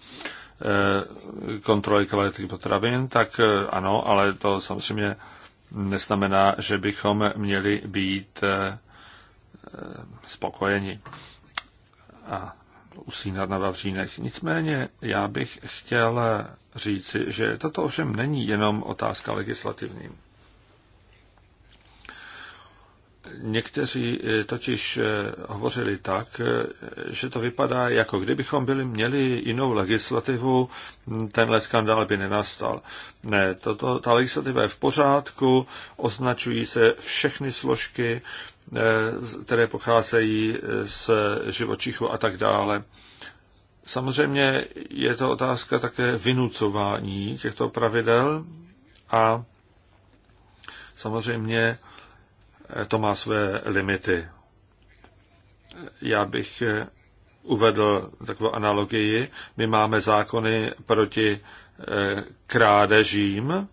kontroly kvality potravin, tak ano, ale to samozřejmě neznamená, že bychom měli být spokojeni. A usínat na Vavřínech. Nicméně já bych chtěl říci, že toto ovšem není jenom otázka legislativní. Někteří eh, totiž eh, hovořili tak, eh, že to vypadá, jako kdybychom byli měli jinou legislativu, hm, tenhle skandál by nenastal. Ne, toto, ta legislativa je v pořádku, označují se všechny složky, které pocházejí z živočichu a tak dále. Samozřejmě je to otázka také vynucování těchto pravidel a samozřejmě to má své limity. Já bych eh, uvedl takovou analogii. My máme zákony proti eh, krádežím,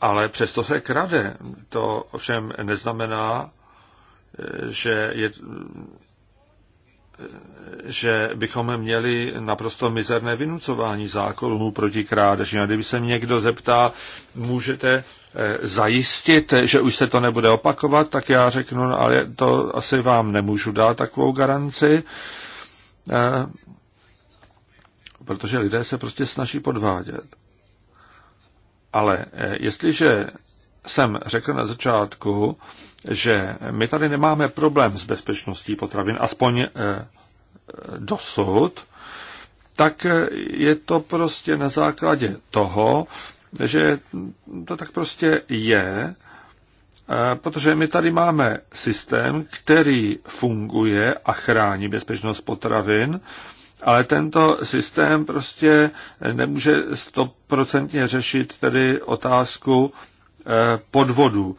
ale přesto se krade. To ovšem neznamená, eh, že je, že bychom měli naprosto mizerné vynucování zákonů proti krádeži. A kdyby se mě někdo zeptá, můžete eh, zajistit, že už se to nebude opakovat, tak já řeknu, no, ale to asi vám nemůžu dát takovou garanci, eh, protože lidé se prostě snaží podvádět. Ale eh, jestliže jsem řekl na začátku, že my tady nemáme problém s bezpečností potravin, aspoň eh, dosud, tak eh, je to prostě na základě toho, že to tak prostě je, eh, protože my tady máme systém, který funguje a chrání bezpečnost potravin, ale tento systém prostě nemůže stoprocentně řešit tedy otázku Eh, podvodů.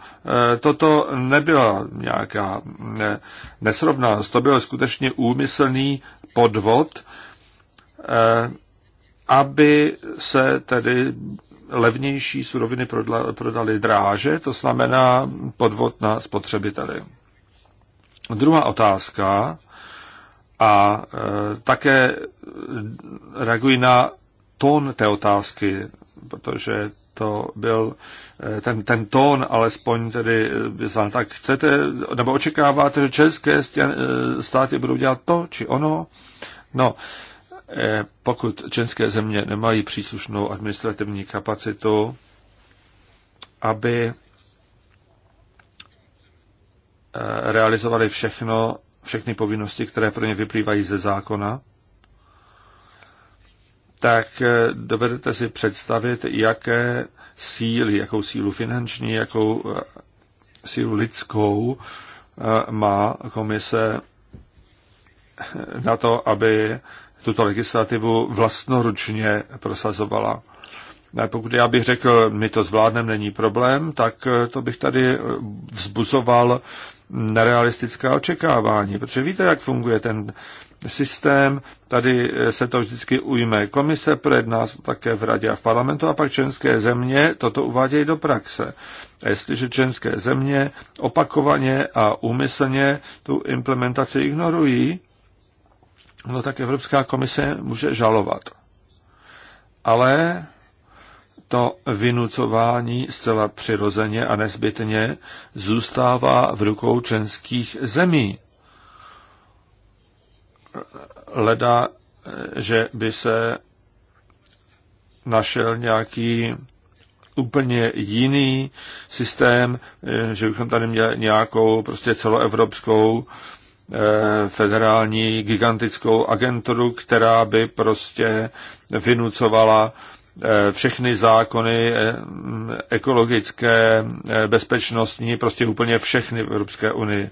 Eh, toto nebyla nějaká eh, nesrovnalost, to byl skutečně úmyslný podvod, aby se tedy levnější suroviny prodaly dráže, to znamená podvod na spotřebiteli. Druhá otázka, a také reaguji na tón té otázky protože to byl eh, ten, ten tón, alespoň tedy, eh, tak chcete, nebo očekáváte, že české eh, státy budou dělat to či ono? No, pokud české země nemají příslušnou administrativní kapacitu, aby realizovali všechno, všechny povinnosti, které pro ně vyplývají ze zákona, tak eh, dovedete si představit, jaké síly, jakou sílu finanční, jakou eh, sílu lidskou eh, má komise na to, aby tuto legislativu vlastnoručně prosazovala. Pokud já bych řekl, my to zvládneme, není problém, tak to bych tady vzbuzoval nerealistická očekávání, protože víte, jak funguje ten systém. Tady eh, se to vždycky ujme komise, projedná se také v radě a v parlamentu a pak členské země toto uvádějí do praxe. A jestliže členské země opakovaně a úmyslně tu implementaci ignorují, no tak Evropská komise může žalovat. Ale to vynucování zcela přirozeně a nezbytně zůstává v rukou členských zemí leda, že by se našel nějaký úplně jiný systém, že bychom tady měli nějakou prostě celoevropskou eh, federální gigantickou agenturu, která by prostě vynucovala eh, všechny zákony eh, ekologické, bezpečnostní, prostě úplně všechny v Evropské unii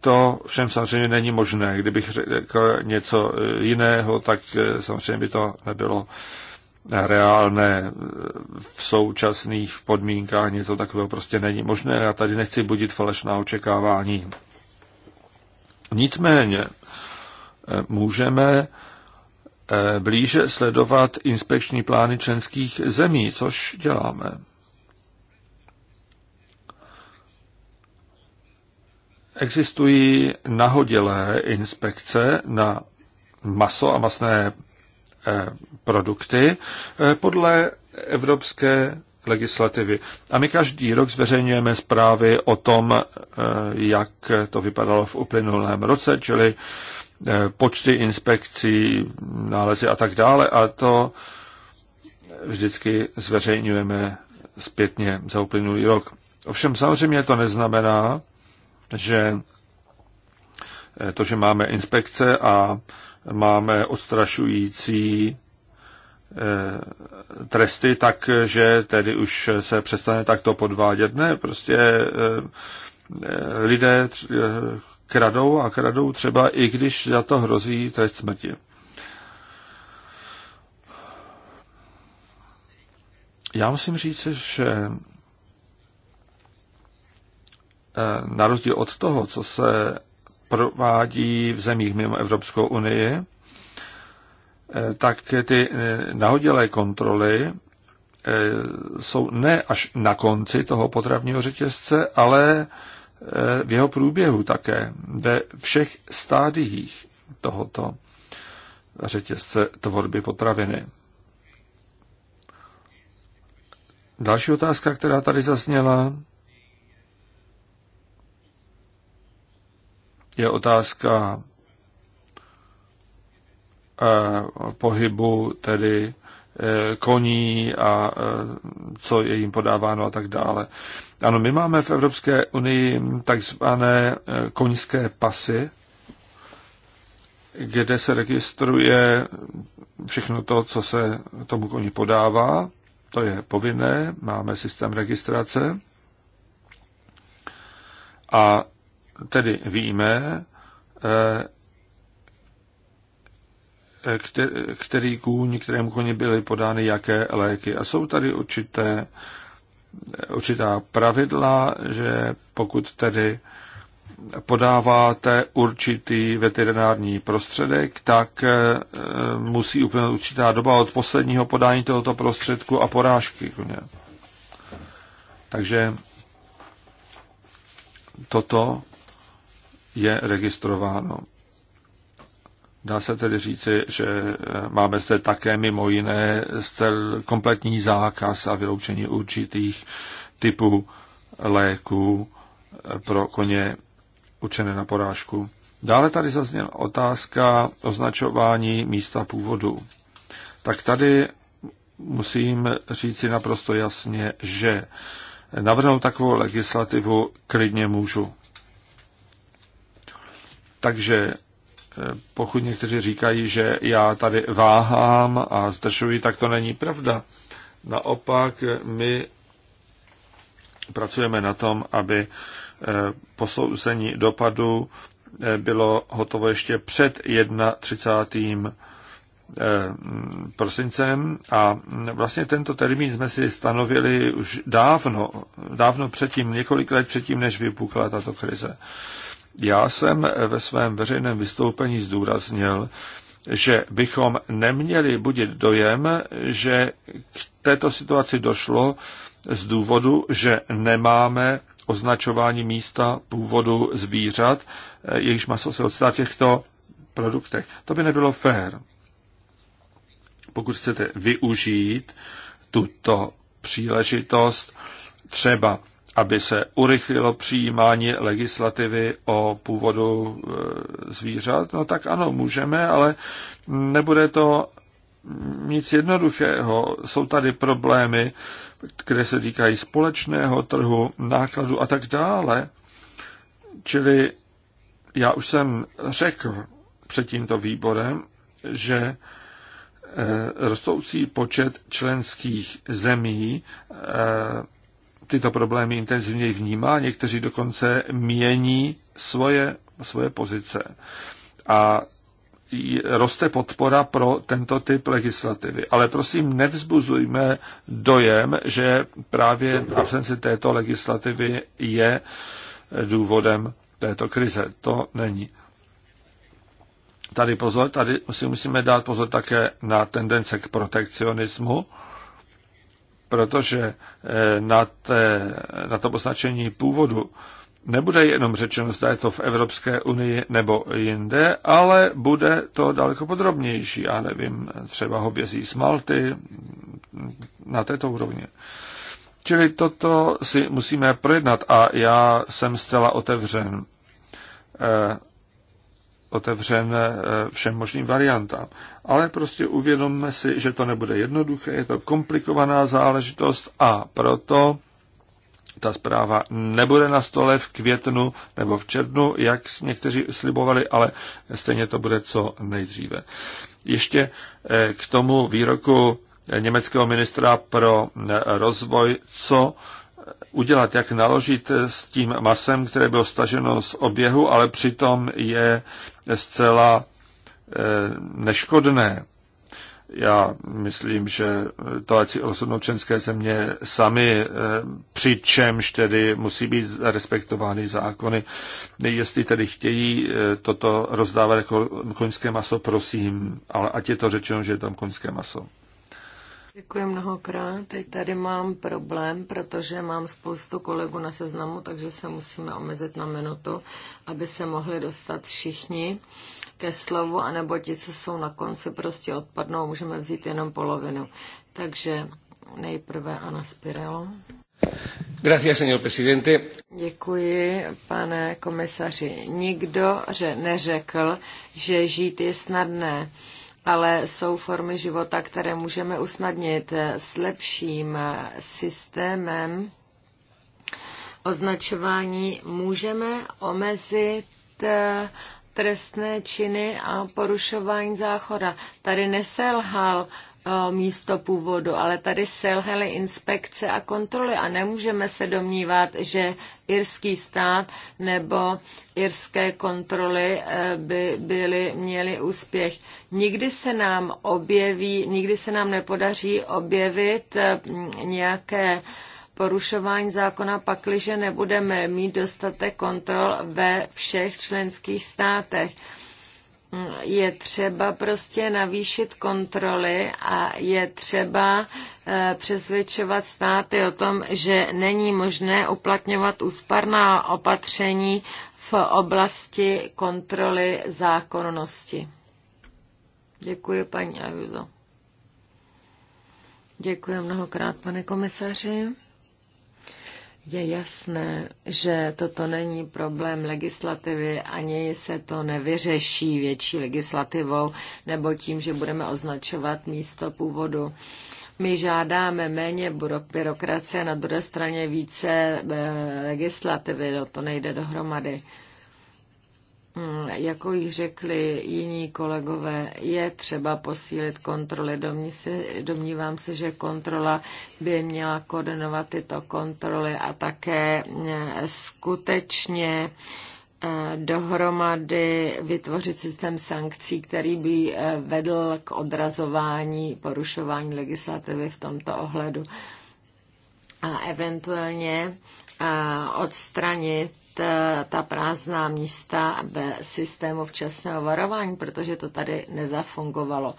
to všem samozřejmě není možné. Kdybych řekl něco jiného, tak eh, samozřejmě by to nebylo reálné v současných podmínkách. Něco takového prostě není možné. Já tady nechci budit falešná očekávání. Nicméně eh, můžeme eh, blíže sledovat inspekční plány členských zemí, což děláme. Existují nahodilé inspekce na maso a masné eh, produkty eh, podle evropské legislativy. A my každý rok zveřejňujeme zprávy o tom, eh, jak to vypadalo v uplynulém roce, čili počty inspekcí, nálezy a tak dále. A to vždycky zveřejňujeme zpětně za uplynulý rok. Ovšem samozřejmě to neznamená, že eh, to, že máme inspekce a máme odstrašující eh, tresty, takže tedy už se přestane takto podvádět. Ne, prostě eh, lidé kradou a kradou třeba i když za to hrozí trest smrti. Já musím říct, že Eh, na rozdíl od toho, co se provádí v zemích mimo Evropskou unii, eh, tak ty eh, nahodilé kontroly jsou ne až na konci toho potravního řetězce, ale v jeho průběhu také, ve všech stádiích tohoto řetězce tvorby potraviny. Další otázka, která tady zazněla, je otázka eh, pohybu tedy eh, koní a eh, co je jim podáváno a tak dále. Ano, my máme v Evropské unii takzvané koňské pasy, kde se registruje všechno to, co se tomu koni podává. To je povinné, máme systém registrace. A tedy víme, eh, který kůň, kterému koni byly podány jaké léky. A jsou tady určité, eh, určitá pravidla, že pokud tedy podáváte určitý veterinární prostředek, tak eh, musí uplynout určitá doba od posledního podání tohoto prostředku a porážky koně. Takže toto je registrováno. Dá se tedy říci, že eh, máme zde také mimo jiné cel kompletní zákaz a vyloučení určitých typů léků eh, pro koně učené na porážku. Dále tady zazněla otázka označování místa původu. Tak tady musím říci naprosto jasně, že navrhnout takovou legislativu klidně můžu. Takže eh, pokud někteří říkají, že já tady váhám a zdržuji, tak to není pravda. Naopak my pracujeme na tom, aby eh, posouzení dopadu eh, bylo hotovo ještě před 31. prosincem a vlastně tento termín jsme si stanovili už dávno, dávno předtím, několik let předtím, než vypukla tato krize. Já jsem ve svém veřejném vystoupení zdůraznil, že bychom neměli budit dojem, že k této situaci došlo z důvodu, že nemáme označování místa původu zvířat, jejichž maso se odstá v těchto produktech. To by nebylo fér. Pokud chcete využít tuto příležitost třeba aby se urychlilo přijímání legislativy o původu e, zvířat? No tak ano, můžeme, ale nebude to nic jednoduchého. Jsou tady problémy, které se týkají společného trhu, nákladu a tak dále. Čili já už jsem řekl před tímto výborem, že e, rostoucí počet členských zemí e, tyto problémy intenzivněji vnímá, někteří dokonce mění svoje, svoje pozice. A roste podpora pro tento typ legislativy. Ale prosím, nevzbuzujme dojem, že právě absence této legislativy je důvodem této krize. To není. Tady pozor, tady si musíme dát pozor také na tendence k protekcionismu, protože eh, na, té, na tom označení původu nebude jenom řečeno, zda je to v Evropské unii nebo jinde, ale bude to daleko podrobnější. Já nevím, třeba hovězí smalty na této úrovni. Čili toto si musíme projednat a já jsem zcela otevřen eh, otevřen eh, všem možným variantám. Ale prostě uvědomme si, že to nebude jednoduché, je to komplikovaná záležitost a proto ta zpráva nebude na stole v květnu nebo v červnu, jak někteří slibovali, ale stejně to bude co nejdříve. Ještě eh, k tomu výroku eh, německého ministra pro rozvoj, co udělat, jak naložit s tím masem, které bylo staženo z oběhu, ale přitom je zcela eh, neškodné. Já myslím, že to ať si rozhodnou české země sami, eh, přičemž tedy musí být respektovány zákony. Jestli tedy chtějí eh, toto rozdávat jako koňské maso, prosím, ale ať je to řečeno, že je tam koňské maso. Děkuji mnohokrát. Teď tady mám problém, protože mám spoustu kolegů na seznamu, takže se musíme omezit na minutu, aby se mohli dostat všichni ke slovu, anebo ti, co jsou na konci, prostě odpadnou, můžeme vzít jenom polovinu. Takže nejprve Ana presidente. Děkuji, pane komisaři. Nikdo neřekl, že žít je snadné ale jsou formy života, které můžeme usnadnit s lepším systémem označování. Můžeme omezit eh, trestné činy a porušování záchoda. Tady neselhal uh, místo původu, ale tady selhaly inspekce a kontroly a nemůžeme se domnívat, že irský stát nebo irské kontroly e, by byly, měly úspěch. Nikdy se nám objeví, nikdy se nám nepodaří objevit e, nějaké porušování zákona, pakliže nebudeme mít dostatek kontrol ve všech členských státech je třeba prostě navýšit kontroly a je třeba eh, přesvědčovat státy o tom, že není možné uplatňovat úsparná opatření v oblasti kontroly zákonnosti. Děkuji, paní Ajuzo. Děkuji mnohokrát, pane komisaři. Je jasné, že toto není problém legislativy, ani se to nevyřeší větší legislativou nebo tím, že budeme označovat místo původu. My žádáme méně byrokracie, na druhé straně více eh, legislativy, no to nejde dohromady. Mm, jako již řekli jiní kolegové, je třeba posílit kontroly. domnívám se, že kontrola by měla koordinovat tyto kontroly a také mm, skutečně eh, dohromady vytvořit systém sankcí, který by eh, vedl k odrazování porušování legislativy v tomto ohledu a eventuálně eh, odstranit Eh, ta prázdná místa ve systému včasného varování, protože to tady nezafungovalo.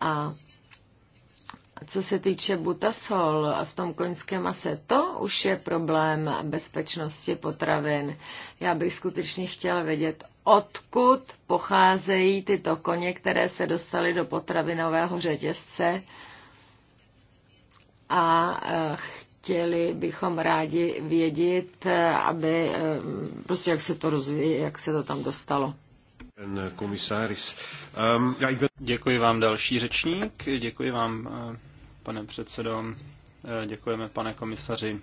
A co se týče butasol v tom koňském mase, to už je problém bezpečnosti potravin. Já bych skutečně chtěla vědět, odkud pocházejí tyto koně, které se dostaly do potravinového řetězce a eh, chtěli bychom rádi vědět, eh, aby eh, prostě jak se to rozvíjí, jak se to tam dostalo. Komisáris. Ehm, děkuji vám další řečník, děkuji vám, eh, pane předsedo, děkujeme pane komisaři.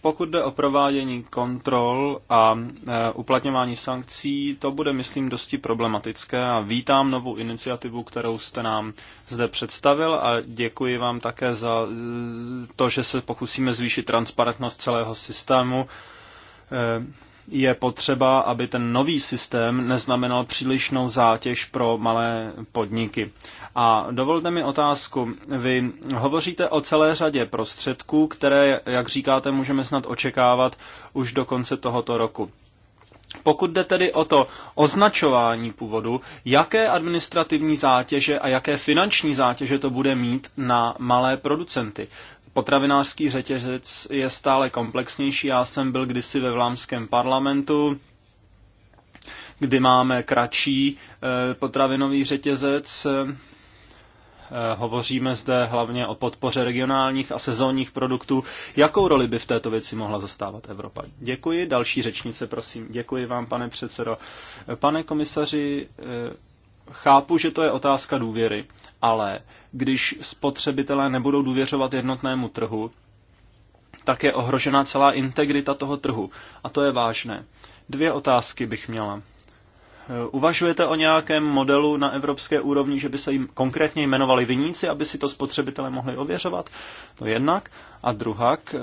Pokud jde o provádění kontrol a e, uplatňování sankcí, to bude, myslím, dosti problematické a vítám novou iniciativu, kterou jste nám zde představil a děkuji vám také za e, to, že se pokusíme zvýšit transparentnost celého systému e, je potřeba, aby ten nový systém neznamenal přílišnou zátěž pro malé podniky. A dovolte mi otázku. Vy hovoříte o celé řadě prostředků, které, jak říkáte, můžeme snad očekávat už do konce tohoto roku. Pokud jde tedy o to označování původu, jaké administrativní zátěže a jaké finanční zátěže to bude mít na malé producenty? potravinářský řetězec je stále komplexnější. Já jsem byl kdysi ve vlámském parlamentu, kdy máme kratší eh, potravinový řetězec. Eh, hovoříme zde hlavně o podpoře regionálních a sezónních produktů. Jakou roli by v této věci mohla zastávat Evropa? Děkuji. Další řečnice, prosím. Děkuji vám, pane předsedo. Pane komisaři, eh, chápu, že to je otázka důvěry, ale když spotřebitelé nebudou důvěřovat jednotnému trhu, tak je ohrožena celá integrita toho trhu. A to je vážné. Dvě otázky bych měla. Eh, uvažujete o nějakém modelu na evropské úrovni, že by se jim konkrétně jmenovali viníci, aby si to spotřebitelé mohli ověřovat? To jednak. A druhak, eh,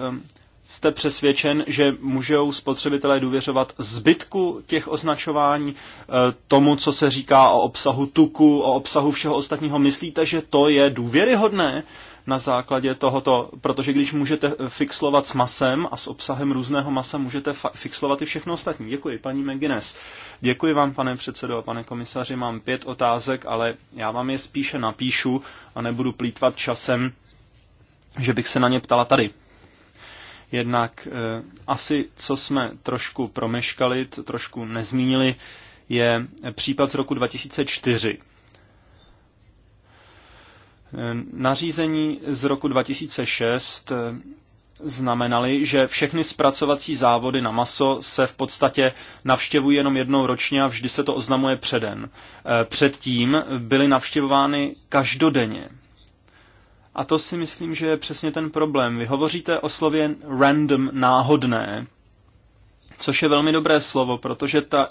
jste přesvědčen, že můžou spotřebitelé důvěřovat zbytku těch označování, eh, tomu, co se říká o obsahu tuku, o obsahu všeho ostatního? Myslíte, že to je důvěryhodné na základě tohoto? Protože když můžete eh, fixlovat s masem a s obsahem různého masa, můžete fixlovat i všechno ostatní. Děkuji, paní McGuinness. Děkuji vám, pane předsedo a pane komisaři. Mám pět otázek, ale já vám je spíše napíšu a nebudu plítvat časem, že bych se na ně ptala tady. Jednak eh, asi, co jsme trošku promeškali, trošku nezmínili, je případ z roku 2004. Eh, nařízení z roku 2006 eh, znamenaly, že všechny zpracovací závody na maso se v podstatě navštěvují jenom jednou ročně a vždy se to oznamuje předem. Předtím byly navštěvovány každodenně. A to si myslím, že je přesně ten problém. Vy hovoříte o slově random, náhodné, což je velmi dobré slovo, protože ta,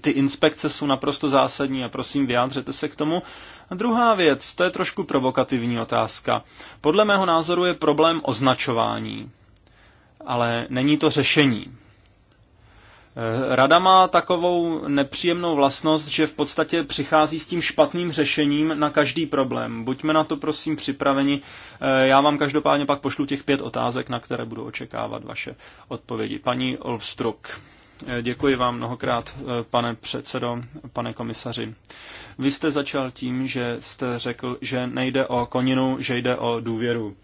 ty inspekce jsou naprosto zásadní a prosím, vyjádřete se k tomu. A druhá věc, to je trošku provokativní otázka. Podle mého názoru je problém označování, ale není to řešení. Eh, Rada má takovou nepříjemnou vlastnost, že v podstatě přichází s tím špatným řešením na každý problém. Buďme na to prosím připraveni. Eh, Já vám každopádně pak pošlu těch pět otázek, na které budu očekávat vaše odpovědi. Paní Olfstruk, eh, Děkuji vám mnohokrát, pane předsedo, pane komisaři. Vy jste začal tím, že jste řekl, že nejde o koninu, že jde o důvěru.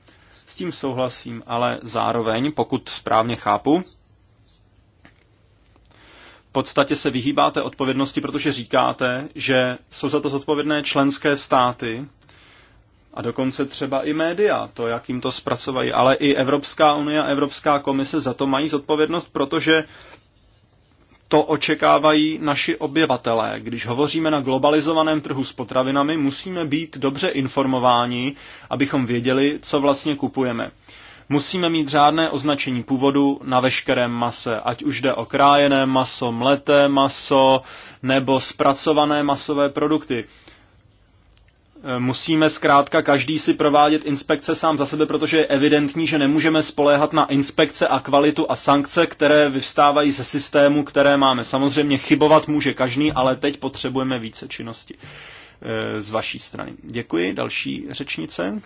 S tím souhlasím, ale zároveň, pokud správně chápu, podstatě se vyhýbáte odpovědnosti, protože říkáte, že jsou za to zodpovědné členské státy a dokonce třeba i média, to, jak jim to zpracovají, ale i Evropská unie a Evropská komise za to mají zodpovědnost, protože to očekávají naši obyvatelé. Když hovoříme na globalizovaném trhu s potravinami, musíme být dobře informováni, abychom věděli, co vlastně kupujeme. Musíme mít řádné označení původu na veškerém mase, ať už jde o krájené maso, mleté maso nebo zpracované masové produkty. E, musíme zkrátka každý si provádět inspekce sám za sebe, protože je evidentní, že nemůžeme spoléhat na inspekce a kvalitu a sankce, které vyvstávají ze systému, které máme. Samozřejmě chybovat může každý, ale teď potřebujeme více činnosti e, z vaší strany. Děkuji. Další řečnice.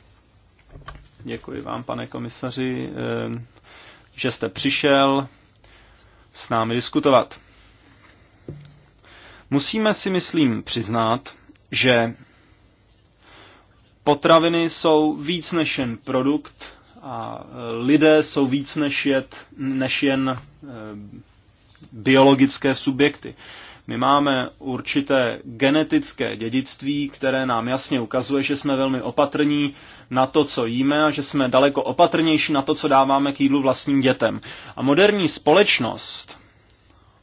Děkuji vám, pane komisaři, eh, že jste přišel s námi diskutovat. Musíme si, myslím, přiznat, že potraviny jsou víc než jen produkt a eh, lidé jsou víc než, jet, než jen eh, biologické subjekty. My máme určité genetické dědictví, které nám jasně ukazuje, že jsme velmi opatrní na to, co jíme a že jsme daleko opatrnější na to, co dáváme k jídlu vlastním dětem. A moderní společnost,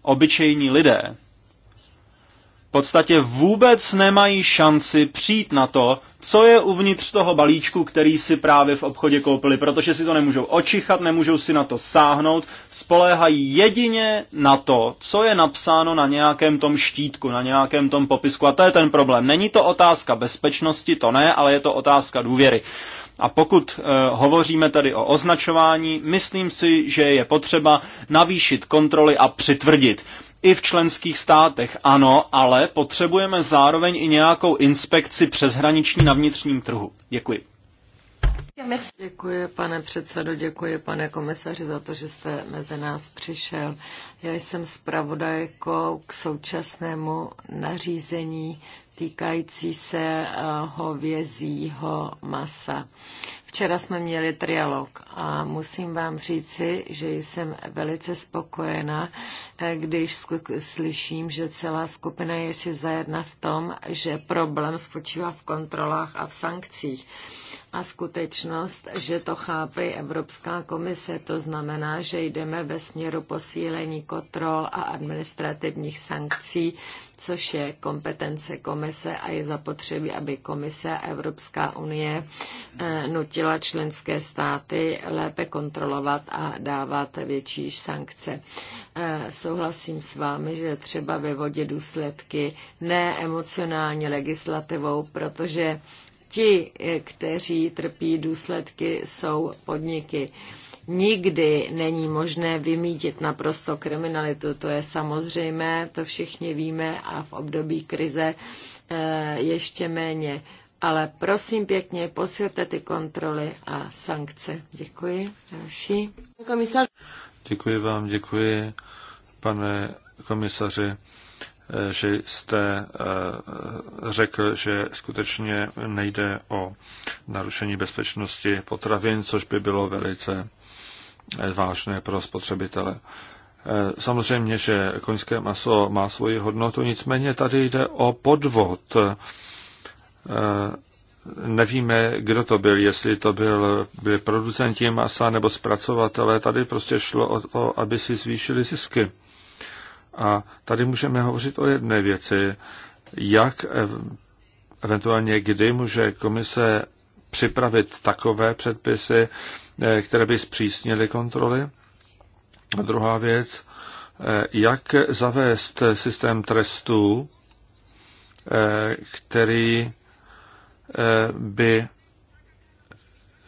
obyčejní lidé, podstatě vůbec nemají šanci přijít na to, co je uvnitř toho balíčku, který si právě v obchodě koupili, protože si to nemůžou očichat, nemůžou si na to sáhnout, spoléhají jedině na to, co je napsáno na nějakém tom štítku, na nějakém tom popisku. A to je ten problém. Není to otázka bezpečnosti, to ne, ale je to otázka důvěry. A pokud e, hovoříme tady o označování, myslím si, že je potřeba navýšit kontroly a přitvrdit i v členských státech. Ano, ale potřebujeme zároveň i nějakou inspekci přeshraniční na vnitřním trhu. Děkuji. Děkuji, pane předsedo, děkuji, pane komisaři, za to, že jste mezi nás přišel. Já jsem zpravodajkou k současnému nařízení týkající se eh, hovězího masa. Včera jsme měli trialog a musím vám říci, že jsem velice spokojena, eh, když slyším, že celá skupina je si zajedna v tom, že problém spočívá v kontrolách a v sankcích a skutečnost, že to chápe Evropská komise. To znamená, že jdeme ve směru posílení kontrol a administrativních sankcí, což je kompetence komise a je zapotřebí, aby komise a Evropská unie eh, nutila členské státy lépe kontrolovat a dávat větší sankce. Eh, souhlasím s vámi, že třeba vyvodit důsledky ne emocionálně legislativou, protože ti, kteří trpí důsledky, jsou podniky. Nikdy není možné vymítit naprosto kriminalitu, to je samozřejmé, to všichni víme a v období krize eh, ještě méně. Ale prosím pěkně, posilte ty kontroly a sankce. Děkuji. Další. Komisař. Děkuji vám, děkuji, pane komisaři že jste eh, řekl, že skutečně nejde o narušení bezpečnosti potravin, což by bylo velice eh, vážné pro spotřebitele. Eh, samozřejmě, že koňské maso má svoji hodnotu, nicméně tady jde o podvod. Nevíme, kdo to byl, jestli to byl, byl producenti masa nebo zpracovatelé. Tady prostě šlo o to, aby si zvýšili zisky. A tady můžeme hovořit o jedné věci, jak eventuálně kdy může komise připravit takové předpisy, eh, které by zpřísnily kontroly. A druhá věc, eh, jak zavést systém trestů, eh, který by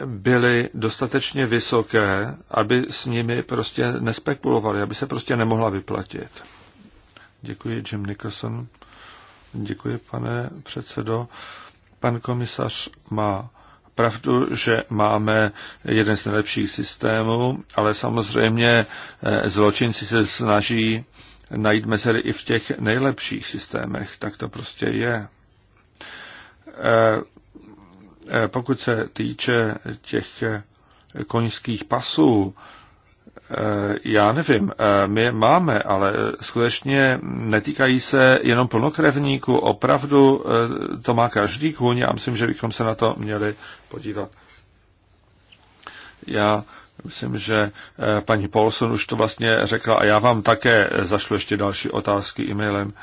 byly dostatečně vysoké, aby s nimi prostě nespekulovali, aby se prostě nemohla vyplatit. Děkuji, Jim Nicholson. Děkuji, pane předsedo. Pan komisař má pravdu, že máme jeden z nejlepších systémů, ale samozřejmě eh, zločinci se snaží najít mezery i v těch nejlepších systémech. Tak to prostě je. Eh, eh, pokud se týče těch koňských pasů, Eh, já nevím, eh, my máme, ale eh, skutečně netýkají se jenom plnokrevníků, opravdu to má každý kůň a myslím, že bychom se na to měli podívat. Já myslím, že paní Paulson už to vlastně řekla a já vám také zašlu ještě další otázky e-mailem.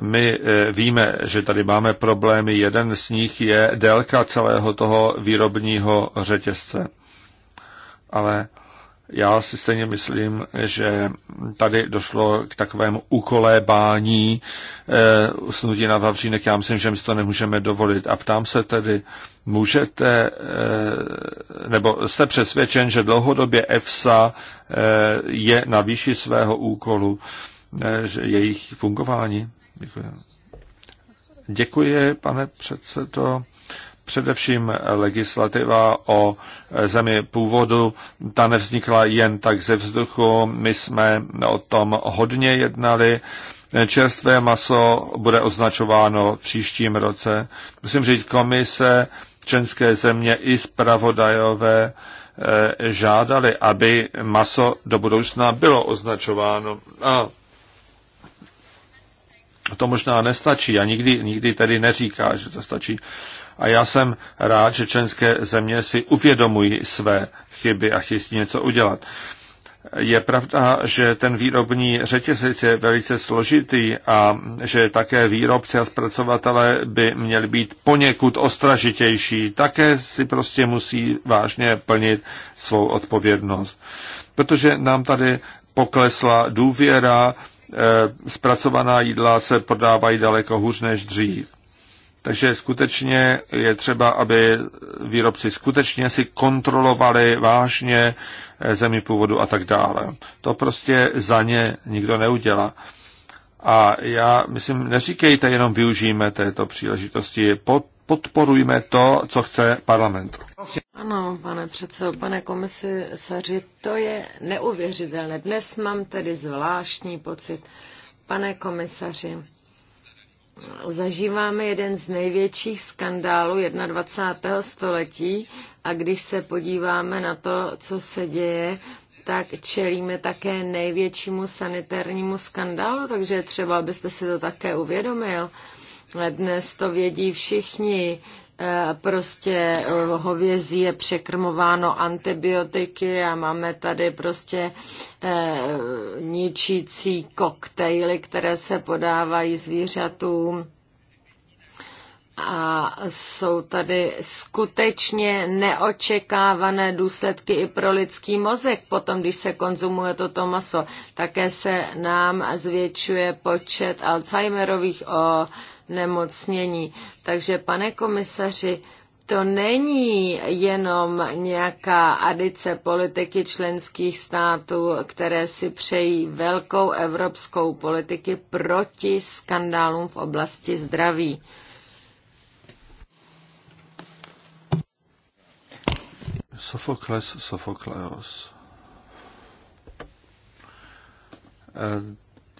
My víme, že tady máme problémy. Jeden z nich je délka celého toho výrobního řetězce. Ale já si stejně myslím, že tady došlo k takovému ukolébání e, eh, usnutí na Vavřínek. Já myslím, že my to nemůžeme dovolit. A ptám se tedy, můžete, e, nebo jste přesvědčen, že dlouhodobě EFSA e, je na výši svého úkolu, e, že jejich fungování? Děkuji. Děkuji, pane předsedo. E, Především legislativa o zemi původu, ta nevznikla jen tak ze vzduchu, my jsme o tom hodně jednali. Čerstvé maso bude označováno v příštím roce. Musím říct, komise, členské země i zpravodajové eh, žádali, aby maso do budoucna bylo označováno. A to možná nestačí a nikdy, nikdy tedy neříká, že to stačí. A já jsem rád, že členské země si uvědomují své chyby a chtějí něco udělat. Je pravda, že ten výrobní řetězec je velice složitý a že také výrobci a zpracovatele by měli být poněkud ostražitější. Také si prostě musí vážně plnit svou odpovědnost. Protože nám tady poklesla důvěra, eh, zpracovaná jídla se prodávají daleko hůř než dřív. Takže skutečně je třeba, aby výrobci skutečně si kontrolovali vážně eh, zemi původu a tak dále. To prostě za ně nikdo neudělá. A já myslím, neříkejte jenom využijeme této příležitosti, podporujme to, co chce parlament. Ano, pane předsedo, pane komisaři, to je neuvěřitelné. Dnes mám tedy zvláštní pocit. Pane komisaři, zažíváme jeden z největších skandálů 21. století a když se podíváme na to, co se děje, tak čelíme také největšímu sanitárnímu skandálu, takže třeba byste si to také uvědomil. Dnes to vědí všichni, Eh, prostě eh, hovězí je překrmováno antibiotiky a máme tady prostě eh, ničící koktejly, které se podávají zvířatům a jsou tady skutečně neočekávané důsledky i pro lidský mozek. Potom, když se konzumuje toto maso, také se nám zvětšuje počet Alzheimerových nemocnění. Takže, pane komisaři, to není jenom nějaká adice politiky členských států, které si přejí velkou evropskou politiky proti skandálům v oblasti zdraví. Sofokles Sofokleos. Eh,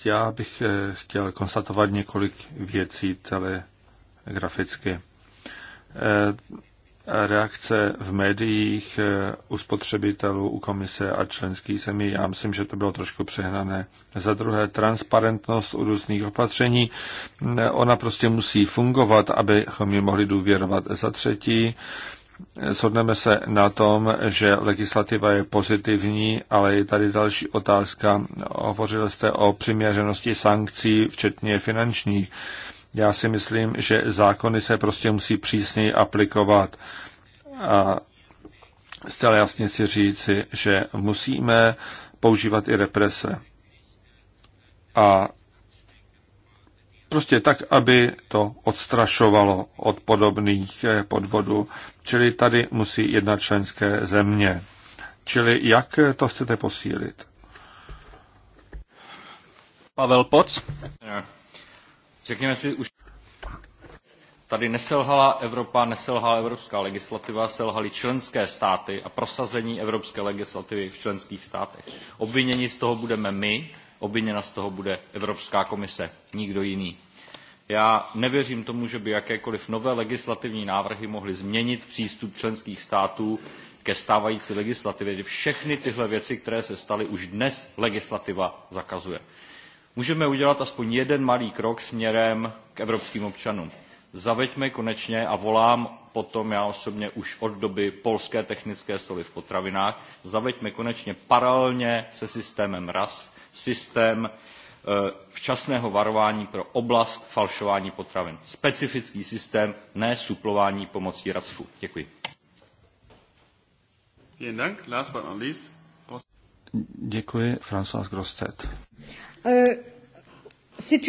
já bych eh, chtěl konstatovat několik věcí telegraficky. Eh, reakce v médiích u spotřebitelů, u komise a členských zemí, já myslím, že to bylo trošku přehnané. Za druhé, transparentnost u různých opatření, ona prostě musí fungovat, abychom ji mohli důvěrovat. Za třetí, Shodneme se na tom, že legislativa je pozitivní, ale je tady další otázka. Hovořil jste o přiměřenosti sankcí, včetně finančních. Já si myslím, že zákony se prostě musí přísněji aplikovat. A zcela jasně si říci, že musíme používat i represe. A Prostě tak, aby to odstrašovalo od podobných eh, podvodů. Čili tady musí jedna členské země. Čili jak eh, to chcete posílit? Pavel Poc? Eh, řekněme si už Tady neselhala Evropa, neselhala evropská legislativa, selhaly členské státy a prosazení evropské legislativy v členských státech. Obvinění z toho budeme my, Obviněna z toho bude Evropská komise, nikdo jiný. Já nevěřím tomu, že by jakékoliv nové legislativní návrhy mohly změnit přístup členských států ke stávající legislativě, všechny tyhle věci, které se staly, už dnes legislativa zakazuje. Můžeme udělat aspoň jeden malý krok směrem k evropským občanům. Zaveďme konečně a volám potom já osobně už od doby polské technické soli v potravinách, zaveďme konečně paralelně se systémem RAS systém eh, včasného varování pro oblast falšování potravin. Specifický systém, ne suplování pomocí RACFu. Děkuji. Děkuji, François Grostet. Euh, c'est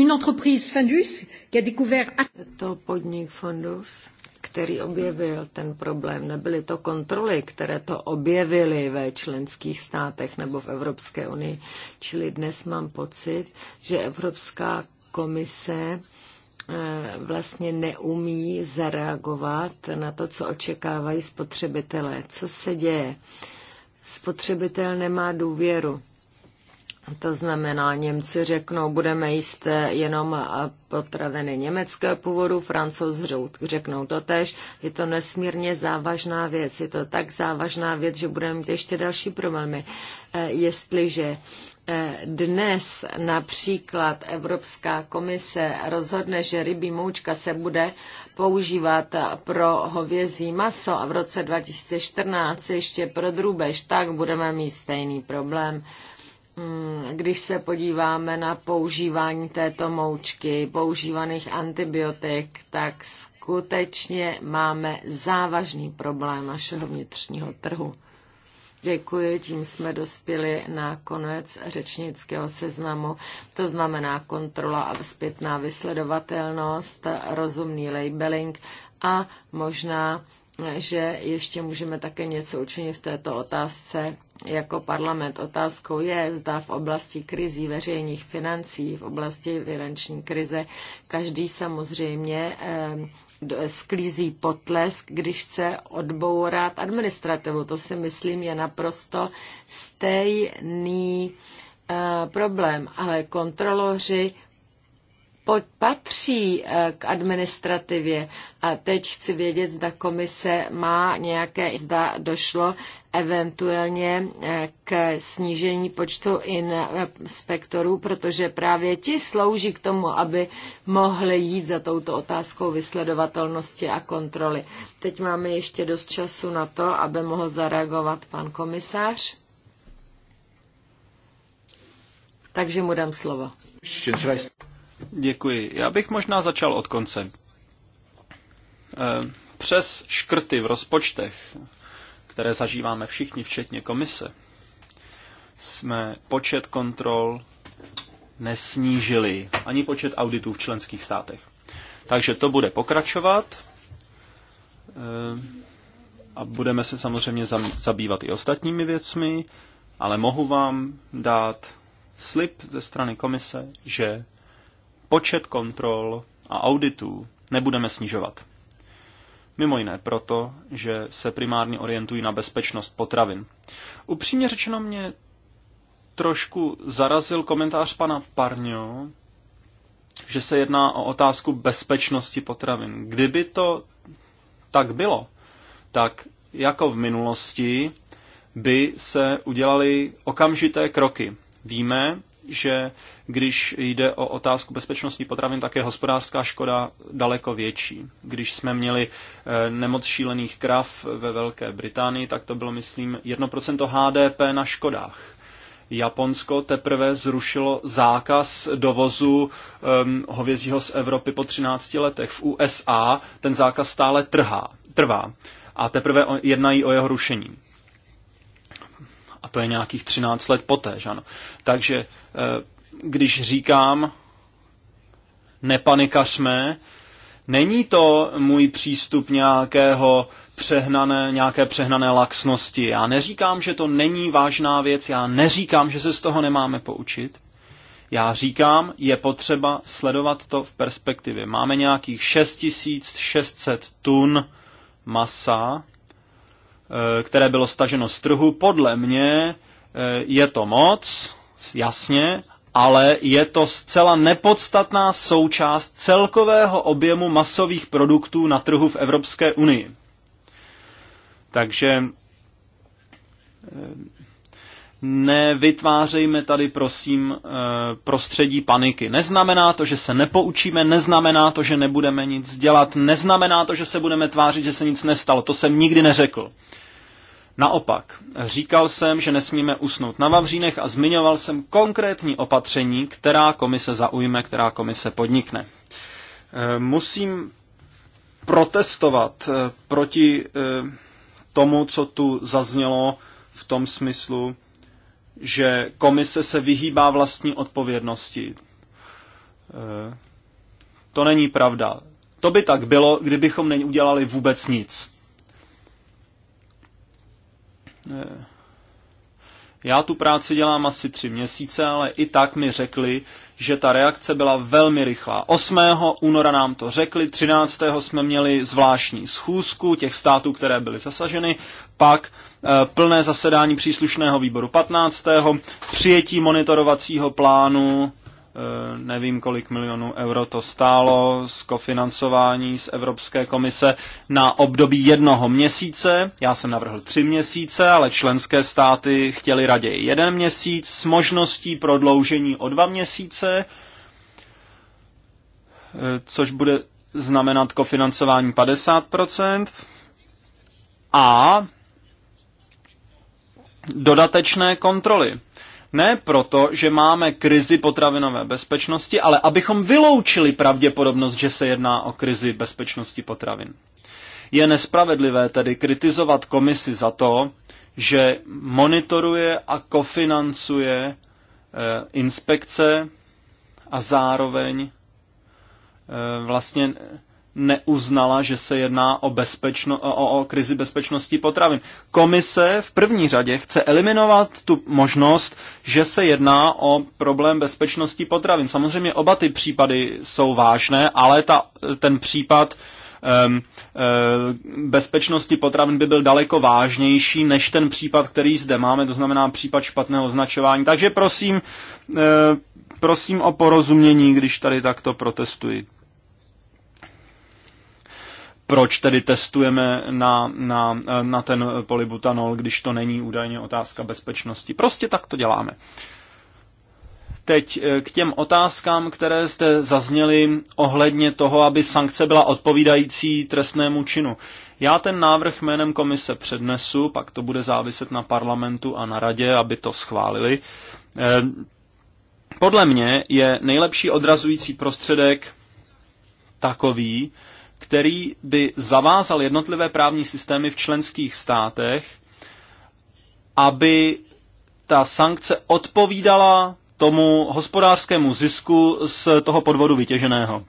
une entreprise Findus qui a découvert... To podnik Fundus který objevil ten problém. Nebyly to kontroly, které to objevily ve členských státech nebo v Evropské unii. Čili dnes mám pocit, že Evropská komise eh, vlastně neumí zareagovat na to, co očekávají spotřebitelé. Co se děje? Spotřebitel nemá důvěru to znamená, Němci řeknou, budeme jíst eh, jenom eh, potraviny německého původu, Francouz řeknou to tež. Je to nesmírně závažná věc. Je to tak závažná věc, že budeme mít ještě další problémy. Eh, jestliže dnes například Evropská komise rozhodne, že rybí moučka se bude používat pro hovězí maso a v roce 2014 ještě pro drůbež, tak budeme mít stejný problém Mm, když se podíváme na používání této moučky, používaných antibiotik, tak skutečně máme závažný problém našeho vnitřního trhu. Děkuji, tím jsme dospěli na konec řečnického seznamu. To znamená kontrola a zpětná vysledovatelnost, rozumný labeling a možná že ještě můžeme také něco učinit v této otázce jako parlament. Otázkou je, zda v oblasti krizí veřejných financí, v oblasti finanční krize, každý samozřejmě eh, sklízí potlesk, když chce odbourat administrativu. To si myslím je naprosto stejný eh, problém, ale kontroloři patří eh, k administrativě. A teď chci vědět, zda komise má nějaké, zda došlo eventuálně eh, k snížení počtu inspektorů, protože právě ti slouží k tomu, aby mohli jít za touto otázkou vysledovatelnosti a kontroly. Teď máme ještě dost času na to, aby mohl zareagovat pan komisář. Takže mu dám slovo. Děkuji. Já bych možná začal od konce. Eh, přes škrty v rozpočtech, které zažíváme všichni, včetně komise, jsme počet kontrol nesnížili, ani počet auditů v členských státech. Takže to bude pokračovat eh, a budeme se samozřejmě zabývat i ostatními věcmi, ale mohu vám dát slib ze strany komise, že počet kontrol a auditů nebudeme snižovat. Mimo jiné proto, že se primárně orientují na bezpečnost potravin. Upřímně řečeno mě trošku zarazil komentář pana Parňo, že se jedná o otázku bezpečnosti potravin. Kdyby to tak bylo, tak jako v minulosti by se udělaly okamžité kroky. Víme, že když jde o otázku bezpečnosti potravin, tak je hospodářská škoda daleko větší. Když jsme měli eh, nemoc šílených krav ve Velké Británii, tak to bylo, myslím, 1% HDP na škodách. Japonsko teprve zrušilo zákaz dovozu um, hovězího z Evropy po 13 letech. V USA ten zákaz stále trhá, trvá a teprve jednají o jeho rušení. A to je nějakých 13 let poté, že ano. Takže eh, když říkám, nepanikařme, není to můj přístup nějakého přehnané, nějaké přehnané laxnosti. Já neříkám, že to není vážná věc, já neříkám, že se z toho nemáme poučit. Já říkám, je potřeba sledovat to v perspektivě. Máme nějakých 6600 tun masa Eh, které bylo staženo z trhu. Podle mě eh, je to moc, jasně, ale je to zcela nepodstatná součást celkového objemu masových produktů na trhu v Evropské unii. Takže eh, nevytvářejme tady, prosím, eh, prostředí paniky. Neznamená to, že se nepoučíme, neznamená to, že nebudeme nic dělat, neznamená to, že se budeme tvářit, že se nic nestalo. To jsem nikdy neřekl. Naopak, říkal jsem, že nesmíme usnout na Vavřínech a zmiňoval jsem konkrétní opatření, která komise zaujme, která komise podnikne. Eh, musím protestovat eh, proti tomu, co tu zaznělo v tom smyslu, že komise se vyhýbá vlastní odpovědnosti. E, to není pravda. To by tak bylo, kdybychom neudělali vůbec nic. E, já tu práci dělám asi tři měsíce, ale i tak mi řekli, že ta reakce byla velmi rychlá. 8. února nám to řekli, 13. jsme měli zvláštní schůzku těch států, které byly zasaženy, pak eh, plné zasedání příslušného výboru 15. přijetí monitorovacího plánu Eh, nevím, kolik milionů euro to stálo, z kofinancování z Evropské komise na období jednoho měsíce. Já jsem navrhl tři měsíce, ale členské státy chtěli raději jeden měsíc s možností prodloužení o dva měsíce, eh, což bude znamenat kofinancování 50%. A dodatečné kontroly ne proto, že máme krizi potravinové bezpečnosti, ale abychom vyloučili pravděpodobnost, že se jedná o krizi bezpečnosti potravin. Je nespravedlivé tedy kritizovat komisi za to, že monitoruje a kofinancuje eh, inspekce a zároveň eh, vlastně neuznala, že se jedná o, bezpečno, o, o krizi bezpečnosti potravin. Komise v první řadě chce eliminovat tu možnost, že se jedná o problém bezpečnosti potravin. Samozřejmě oba ty případy jsou vážné, ale ta, ten případ um, um, bezpečnosti potravin by byl daleko vážnější než ten případ, který zde máme, to znamená případ špatného označování. Takže prosím, uh, prosím o porozumění, když tady takto protestuji proč tedy testujeme na, na, na ten polybutanol, když to není údajně otázka bezpečnosti. Prostě tak to děláme. Teď eh, k těm otázkám, které jste zazněli ohledně toho, aby sankce byla odpovídající trestnému činu. Já ten návrh jménem komise přednesu, pak to bude záviset na parlamentu a na radě, aby to schválili. Eh, podle mě je nejlepší odrazující prostředek takový, který by zavázal jednotlivé právní systémy v členských státech, aby ta sankce odpovídala tomu hospodářskému zisku z toho podvodu vytěženého.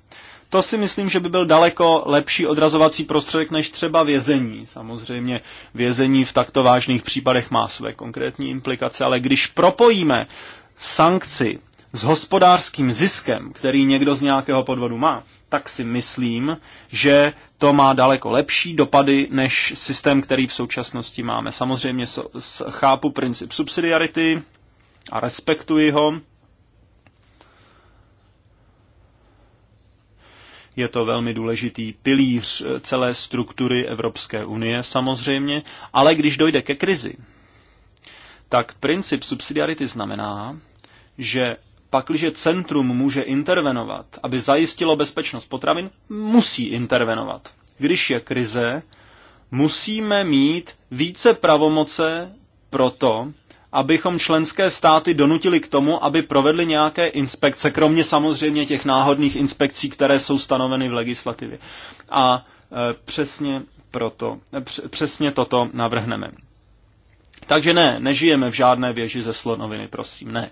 To si myslím, že by byl daleko lepší odrazovací prostředek než třeba vězení. Samozřejmě vězení v takto vážných případech má své konkrétní implikace, ale když propojíme sankci s hospodářským ziskem, který někdo z nějakého podvodu má, tak si myslím, že to má daleko lepší dopady než systém, který v současnosti máme. Samozřejmě chápu princip subsidiarity a respektuji ho. Je to velmi důležitý pilíř eh, celé struktury Evropské unie samozřejmě, ale když dojde ke krizi, tak princip subsidiarity znamená, že Pakliže centrum může intervenovat, aby zajistilo bezpečnost potravin, musí intervenovat. Když je krize, musíme mít více pravomoce pro to, abychom členské státy donutili k tomu, aby provedli nějaké inspekce, kromě samozřejmě těch náhodných inspekcí, které jsou stanoveny v legislativě. A e, přesně proto, e, přesně toto navrhneme. Takže ne, nežijeme v žádné věži ze slonoviny, prosím, ne.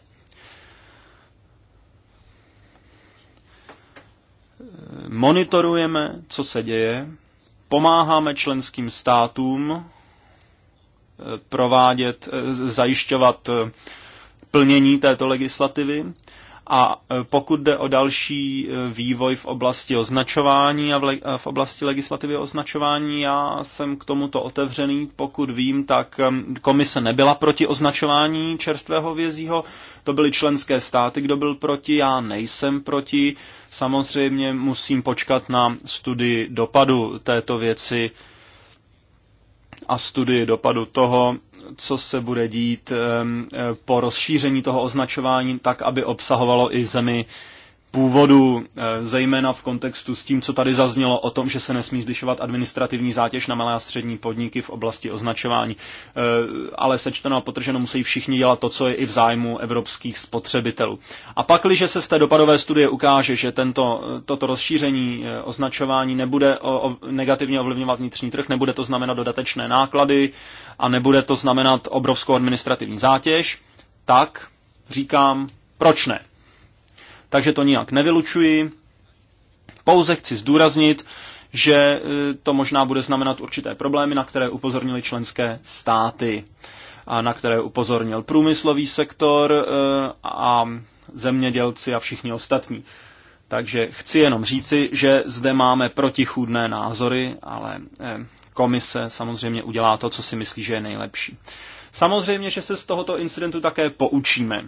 monitorujeme, co se děje, pomáháme členským státům eh, provádět, eh, zajišťovat eh, plnění této legislativy a e, pokud jde o další e, vývoj v oblasti označování a v, le, e, v oblasti legislativy označování, já jsem k tomuto otevřený. Pokud vím, tak komise nebyla proti označování čerstvého vězího. To byly členské státy, kdo byl proti, já nejsem proti. Samozřejmě musím počkat na studii dopadu této věci a studii dopadu toho, co se bude dít po rozšíření toho označování, tak aby obsahovalo i zemi původu, eh, zejména v kontextu s tím, co tady zaznělo o tom, že se nesmí zvyšovat administrativní zátěž na malé a střední podniky v oblasti označování. Eh, ale sečteno a potrženo musí všichni dělat to, co je i v zájmu evropských spotřebitelů. A pak, když se z té dopadové studie ukáže, že tento, eh, toto rozšíření označování nebude o, o, negativně ovlivňovat vnitřní trh, nebude to znamenat dodatečné náklady a nebude to znamenat obrovskou administrativní zátěž, tak říkám, proč ne? takže to nijak nevylučuji. Pouze chci zdůraznit, že e, to možná bude znamenat určité problémy, na které upozornili členské státy a na které upozornil průmyslový sektor e, a zemědělci a všichni ostatní. Takže chci jenom říci, že zde máme protichůdné názory, ale e, komise samozřejmě udělá to, co si myslí, že je nejlepší. Samozřejmě, že se z tohoto incidentu také poučíme.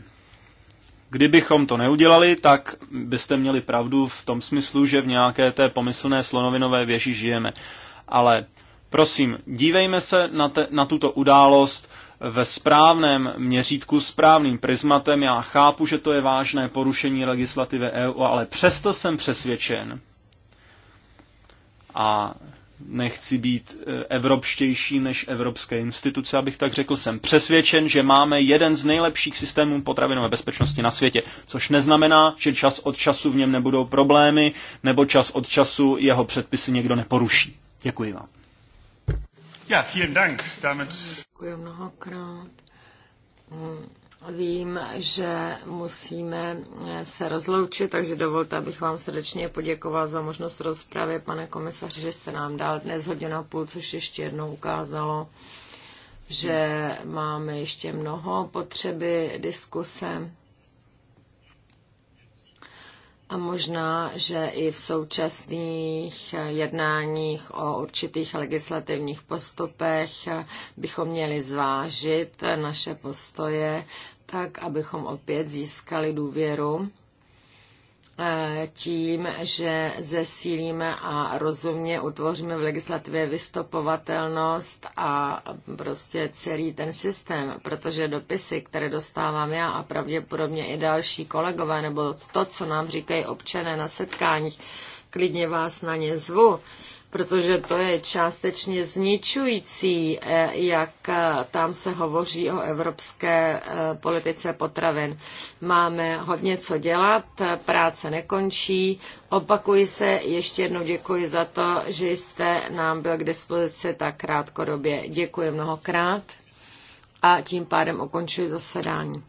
Kdybychom to neudělali, tak byste měli pravdu v tom smyslu, že v nějaké té pomyslné slonovinové věži žijeme. Ale prosím, dívejme se na, te, na tuto událost ve správném měřítku, správným prismatem. Já chápu, že to je vážné porušení legislativy EU, ale přesto jsem přesvědčen, a nechci být eh, evropštější než evropské instituce, abych tak řekl, jsem přesvědčen, že máme jeden z nejlepších systémů potravinové bezpečnosti na světě, což neznamená, že čas od času v něm nebudou problémy, nebo čas od času jeho předpisy někdo neporuší. Děkuji vám. Ja, vielen Dank. Damit... Děkuji mnohokrát. Hm. Vím, že musíme eh, se rozloučit, takže dovolte, abych vám srdečně poděkoval za možnost rozpravy, pane komisaři, že jste nám dal dnes hodinu a půl, což ještě jednou ukázalo, že máme ještě mnoho potřeby diskuse a možná, že i v současných jednáních o určitých legislativních postupech bychom měli zvážit naše postoje tak, abychom opět získali důvěru tím, že zesílíme a rozumně utvoříme v legislativě vystupovatelnost a prostě celý ten systém, protože dopisy, které dostávám já a pravděpodobně i další kolegové, nebo to, co nám říkají občané na setkáních, klidně vás na ně zvu, protože to je částečně zničující, eh, jak eh, tam se hovoří o evropské eh, politice potravin. Máme hodně co dělat, práce nekončí. Opakuji se, ještě jednou děkuji za to, že jste nám byl k dispozici tak krátkodobě. Děkuji mnohokrát a tím pádem ukončuji zasedání.